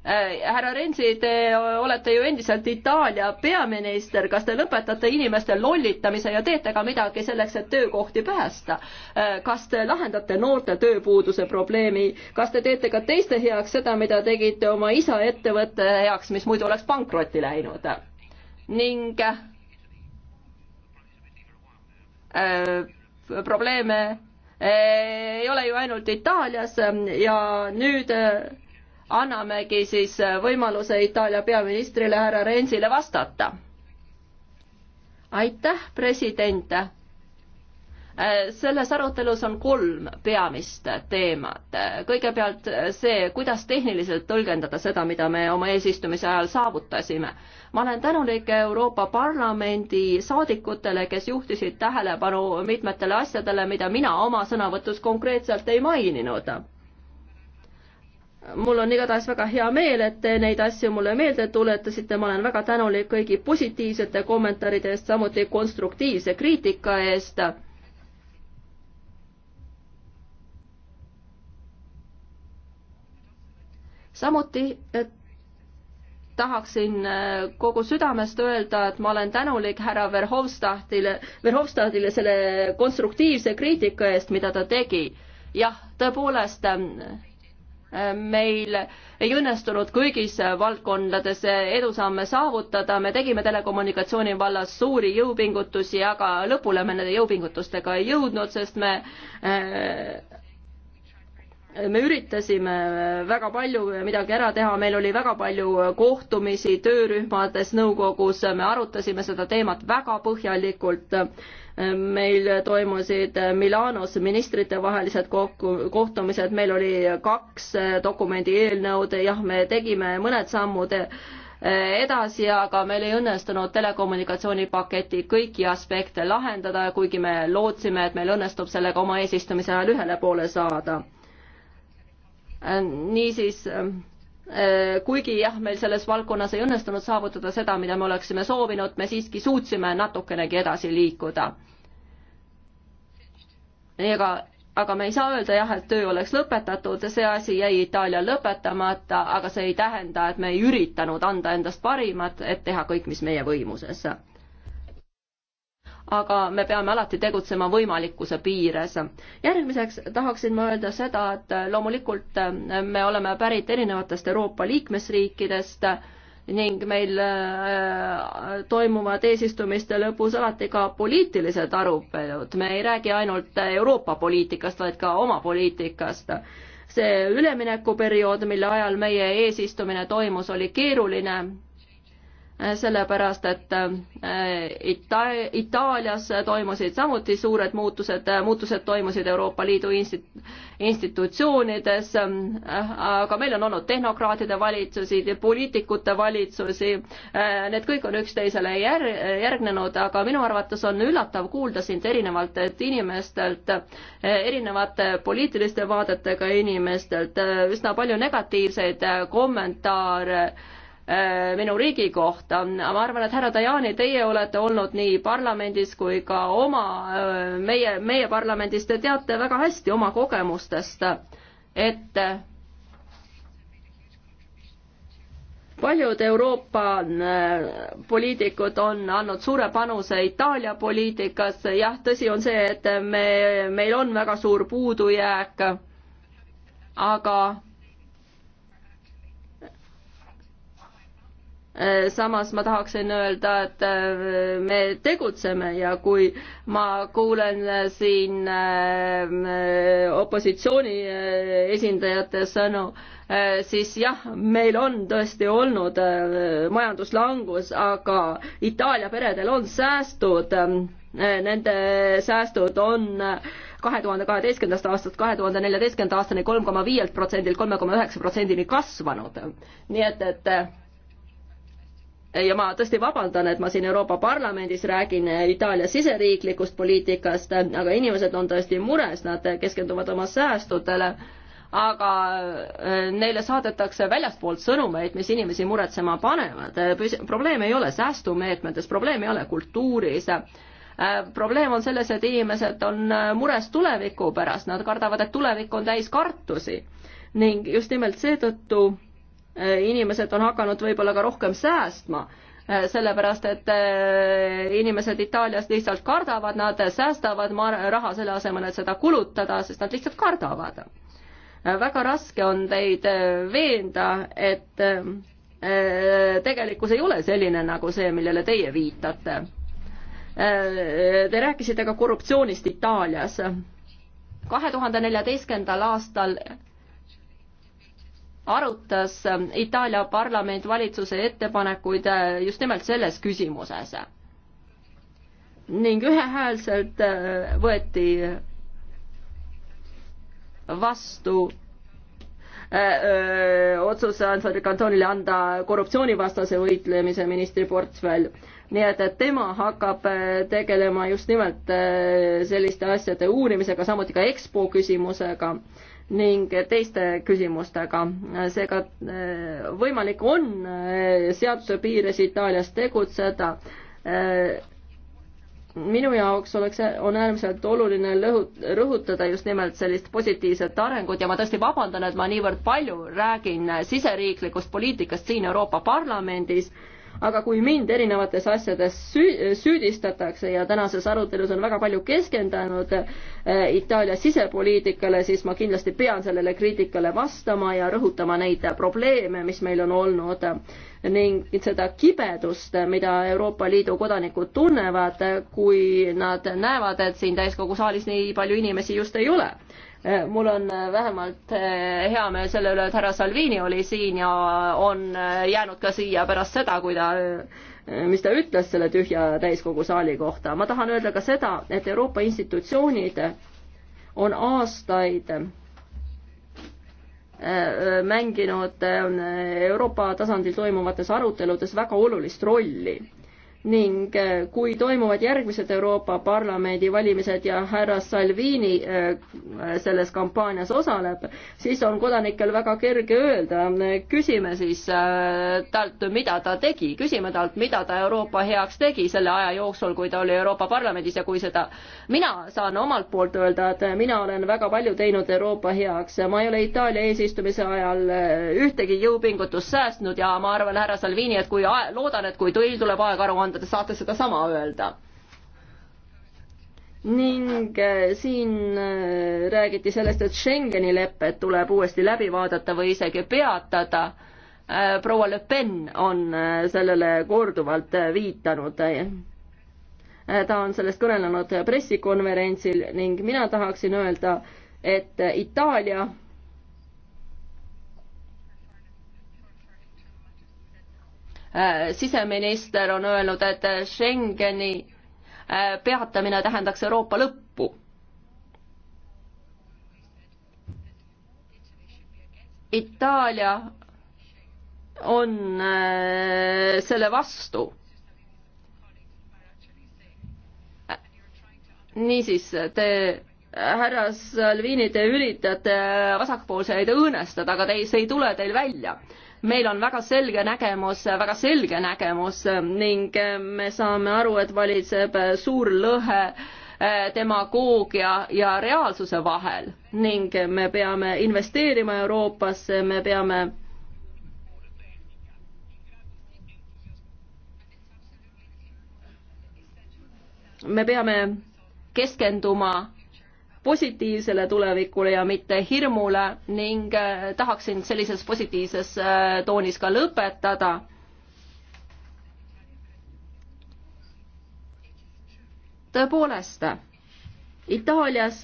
äh, härra Renzi, te olete ju endiselt Itaalia peaminister, kas te lõpetate inimeste lollitamise ja teete ka midagi selleks, et töökohti päästa? kas te lahendate noorte tööpuuduse probleemi, kas te teete ka teiste heaks seda, mida tegite oma isa ettevõtte heaks, mis muidu oleks pankrotti läinud? ning äh, probleeme ei ole ju ainult Itaalias ähm, ja nüüd äh, annamegi siis äh, võimaluse Itaalia peaministrile härra Renzile vastata. aitäh, president Äh, selles arutelus on kolm peamist teemat. Äh, kõigepealt äh, see, kuidas tehniliselt tõlgendada seda, mida me oma eesistumise ajal saavutasime. ma olen tänulik Euroopa Parlamendi saadikutele, kes juhtisid tähelepanu mitmetele asjadele, mida mina oma sõnavõtus konkreetselt ei maininud mul on igatahes väga hea meel, et te neid asju mulle meelde tuletasite, ma olen väga tänulik kõigi positiivsete kommentaaride eest, samuti konstruktiivse kriitika eest samuti tahaksin äh, kogu südamest öelda, et ma olen tänulik härra Verhofstadtile, Verhofstadtile selle konstruktiivse kriitika eest, mida ta tegi. jah, tõepoolest ähm, äh, meil ei õnnestunud kõigis valdkondades edusamme saavutada, me tegime telekommunikatsiooni vallas suuri jõupingutusi, aga lõpule me nende jõupingutustega ei jõudnud, sest me äh, me üritasime väga palju midagi ära teha, meil oli väga palju kohtumisi töörühmades, nõukogus, me arutasime seda teemat väga põhjalikult. meil toimusid Milanos ministritevahelised kokku, kohtumised, meil oli kaks dokumendi eelnõud, jah, me tegime mõned sammud edasi, aga meil ei õnnestunud telekommunikatsioonipaketi kõiki aspekte lahendada, kuigi me lootsime, et meil õnnestub sellega oma eesistumise ajal ühele poole saada Äh, niisiis äh, äh, kuigi jah, meil selles valdkonnas ei õnnestunud saavutada seda, mida me oleksime soovinud, me siiski suutsime natukenegi edasi liikuda. ega, aga me ei saa öelda jah, et töö oleks lõpetatud, see asi jäi Itaalial lõpetamata, aga see ei tähenda, et me ei üritanud anda endast parimat, et teha kõik, mis meie võimuses aga me peame alati tegutsema võimalikkuse piires. järgmiseks tahaksin ma öelda seda, et loomulikult äh, me oleme pärit erinevatest Euroopa liikmesriikidest ning meil äh, toimuvad eesistumiste lõpus alati ka poliitilised arutelud, me ei räägi ainult Euroopa poliitikast, vaid ka oma poliitikast. see üleminekuperiood, mille ajal meie eesistumine toimus, oli keeruline Äh, sellepärast et äh, Ita-, Itaalias toimusid samuti suured muutused, äh, muutused toimusid Euroopa Liidu instit-, institutsioonides, aga meil on olnud tehnokraatide valitsusi, poliitikute valitsusi, need kõik on üksteisele jär-, järgnenud, aga minu arvates on üllatav kuulda sind erinevatelt inimestelt, erinevate poliitiliste vaadetega inimestelt üsna palju negatiivseid kommentaare Äh, minu riigi kohta. ma arvan, et härra Tajani, teie olete olnud nii parlamendis kui ka oma, äh, meie, meie parlamendis, te teate väga hästi oma kogemustest, et paljud Euroopa äh, poliitikud on andnud suure panuse Itaalia poliitikasse, jah, tõsi on see, et me, meil on väga suur puudujääk, aga Äh, samas ma tahaksin öelda, et äh, me tegutseme ja kui ma kuulen äh, siin opositsiooni esindajate sõnu, siis jah, meil on tõesti olnud majanduslangus, aga Itaalia peredel on säästud nende säästud on kahe tuhande kaheteistkümnendast aastast kahe tuhande neljateistkümnenda aastani kolm koma viielt protsendilt kolme koma üheksa protsendini kasvanud. nii et, et ja ma tõesti vabandan, et ma siin Euroopa Parlamendis räägin Itaalia siseriiklikust poliitikast, aga inimesed on tõesti mures, nad keskenduvad oma säästudele, aga äh, neile saadetakse väljastpoolt sõnumeid, mis inimesi muretsema panevad. Äh, probleem ei ole säästumeetmetes, probleem ei ole kultuuris äh, probleem on selles, et inimesed on mures tuleviku pärast, nad kardavad, et tulevik on täis kartusi ning just nimelt seetõttu Eh, inimesed on hakanud võib-olla ka rohkem säästma, eh, sellepärast et eh, inimesed Itaalias lihtsalt kardavad, nad säästavad raha selle asemel, et seda kulutada, sest nad lihtsalt kardavad. väga raske on teid veenda, et tegelikkus ei ole selline nagu see, millele teie viitate. Te rääkisite ka korruptsioonist Itaalias. kahe tuhande neljateistkümnendal aastal arutas ähm, Itaalia parlament valitsuse ettepanekuid äh, just nimelt selles küsimuses. ning ühehäälselt äh, võeti vastu äh, otsuse Ansari kantonile anda korruptsioonivastase võitlemise ministri portfell. nii et, et tema hakkab tegelema just nimelt selliste asjade uurimisega, samuti ka EXPO küsimusega ning teiste küsimustega. seega äh, võimalik on äh, seaduse piires Itaalias tegutseda. Äh, minu jaoks oleks, on äärmiselt oluline lõhut-, rõhutada just nimelt sellist positiivset arengut ja ma tõesti vabandan, et ma niivõrd palju räägin siseriiklikust poliitikast siin Euroopa Parlamendis aga kui mind erinevates asjades süü-, süüdistatakse ja tänases arutelus on väga palju keskendunud eh, Itaalia sisepoliitikale, siis ma kindlasti pean sellele kriitikale vastama ja rõhutama neid probleeme, mis meil on olnud ning seda kibedust, mida Euroopa Liidu kodanikud tunnevad, kui nad näevad, et siin täiskogu saalis nii palju inimesi just ei ole Eh, mul on eh, vähemalt eh, hea meel selle üle, et härra Salvini oli siin ja on jäänud ka siia pärast seda, kui ta, mis ta ütles selle tühja täiskogu saali kohta. ma tahan öelda ka seda, et Euroopa institutsioonid on aastaid mänginud Euroopa tasandil toimuvates aruteludes väga olulist rolli ning äh, kui toimuvad järgmised Euroopa Parlamendi valimised ja härra Salvini äh, selles kampaanias osaleb, siis on kodanikel väga kerge öelda, küsime siis äh, talt, mida ta tegi, küsime talt, mida ta Euroopa heaks tegi selle aja jooksul, kui ta oli Euroopa Parlamendis ja kui seda mina saan omalt poolt öelda, et mina olen väga palju teinud Euroopa heaks, ma ei ole Itaalia eesistumise ajal ühtegi jõupingutust säästnud ja ma arvan, härra Salvini, et kui, loodan, et kui teil tuleb aeg aru anda, aruande, te saate sedasama öelda ning äh, siin äh, räägiti sellest, et Schengeni lepped tuleb uuesti läbi vaadata või isegi peatada. Äh, proua Le Pen on sellele korduvalt viitanud. ta on sellest kõnelenud pressikonverentsil ning mina tahaksin öelda, et Itaalia Äh, siseminister on öelnud, et Schengeni äh, peatamine tähendaks Euroopa lõppu. Itaalia on äh, selle vastu niisiis, te, härra Salvini, te üritate vasakpoolseid õõnestada, aga te ei, see ei tule teil välja meil on väga selge nägemus, väga selge nägemus ning me saame aru, et valitseb suur lõhe eh, demagoogia ja reaalsuse vahel ning me peame investeerima Euroopasse, me peame me peame keskenduma positiivsele tulevikule ja mitte hirmule ning äh, tahaksin sellises positiivses äh, toonis ka lõpetada. tõepoolest, Itaalias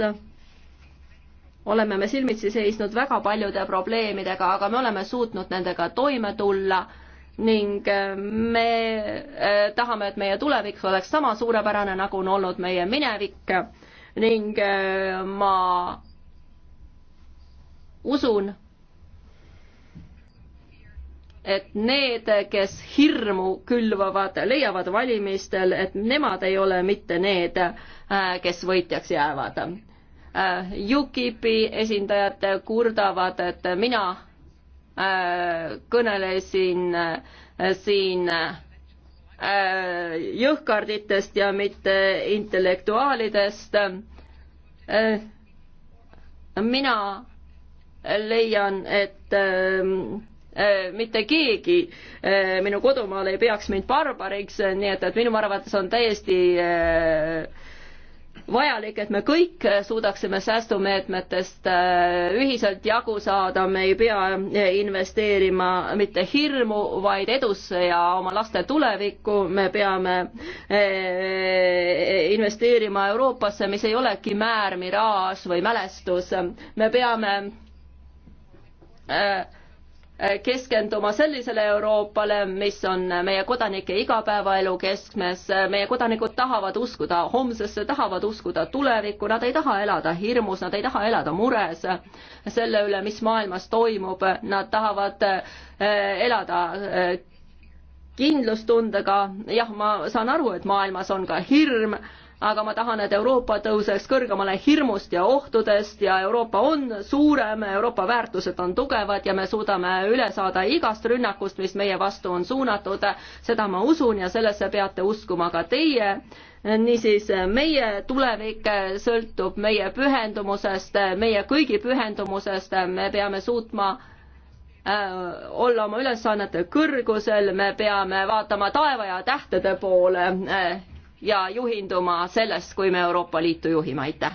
oleme me silmitsi seisnud väga paljude probleemidega, aga me oleme suutnud nendega toime tulla ning äh, me tahame, et meie tulevik oleks sama suurepärane, nagu on olnud meie minevik ning äh, ma usun, et need, kes hirmu külvavad, leiavad valimistel, et nemad ei ole mitte need, äh, kes võitjaks jäävad. Äh, UKIP-i esindajad kurdavad, et mina kõnelesin siin, siin Äh, jõhkarditest ja mitte intellektuaalidest. Äh, mina leian, et ähm, äh, mitte keegi minu kodumaal ei peaks mind barbariks, nii et, et minu arvates on täiesti vajalik, et me kõik suudaksime säästumeetmetest äh, ühiselt jagu saada, me ei pea äh, investeerima mitte hirmu, vaid edusse ja oma laste tulevikku, me peame äh, investeerima Euroopasse, mis ei olegi määr, miraaž või mälestus, me peame keskenduma sellisele Euroopale, mis on meie kodanike igapäevaelu keskmes, meie kodanikud tahavad uskuda homsesse, tahavad uskuda tulevikku, nad ei taha elada hirmus, nad ei taha elada mures selle üle, mis maailmas toimub, nad tahavad eh, elada eh, kindlustundega, jah, ma saan aru, et maailmas on ka hirm aga ma tahan, et Euroopa tõuseks kõrgemale hirmust ja ohtudest ja Euroopa on suurem, Euroopa väärtused on tugevad ja me suudame üle saada igast rünnakust, mis meie vastu on suunatud. seda ma usun ja sellesse peate uskuma ka teie. niisiis, meie tulevik sõltub meie pühendumusest, meie kõigi pühendumusest, me peame suutma äh, olla oma ülesannete kõrgusel, me peame vaatama taeva ja tähtede poole äh, ja juhinduma sellest, kui me Euroopa Liitu juhime, aitäh.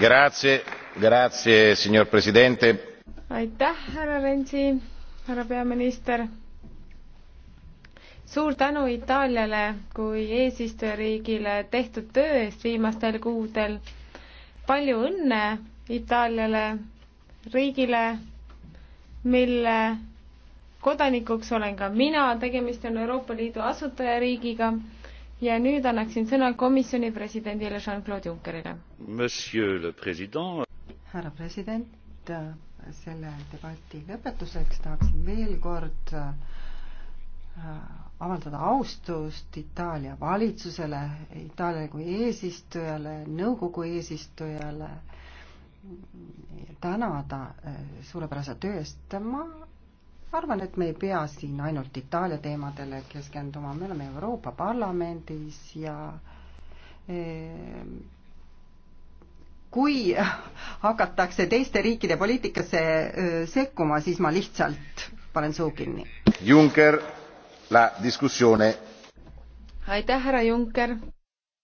Grazie, grazie, signor presidente.
aitäh, härra Rensi, härra peaminister. suur tänu Itaaliale kui eesistujariigile tehtud töö eest viimastel kuudel. palju õnne Itaaliale riigile, mille kodanikuks olen ka mina, tegemist on Euroopa Liidu asutajariigiga ja nüüd annaksin sõna komisjoni presidendile Jean-Claude Junckerile.
härra president, selle debati lõpetuseks tahaksin veel kord äh, avaldada austust Itaalia valitsusele, Itaaliale kui eesistujale, nõukogu eesistujale tänada äh, suurepärase töö eest. ma arvan, et me ei pea siin ainult Itaalia teemadele keskenduma, me oleme Euroopa Parlamendis ja äh, kui <laughs> hakatakse teiste riikide poliitikasse äh, sekkuma, siis ma lihtsalt panen suu kinni.
Juncker, la discussione.
aitäh, härra Juncker.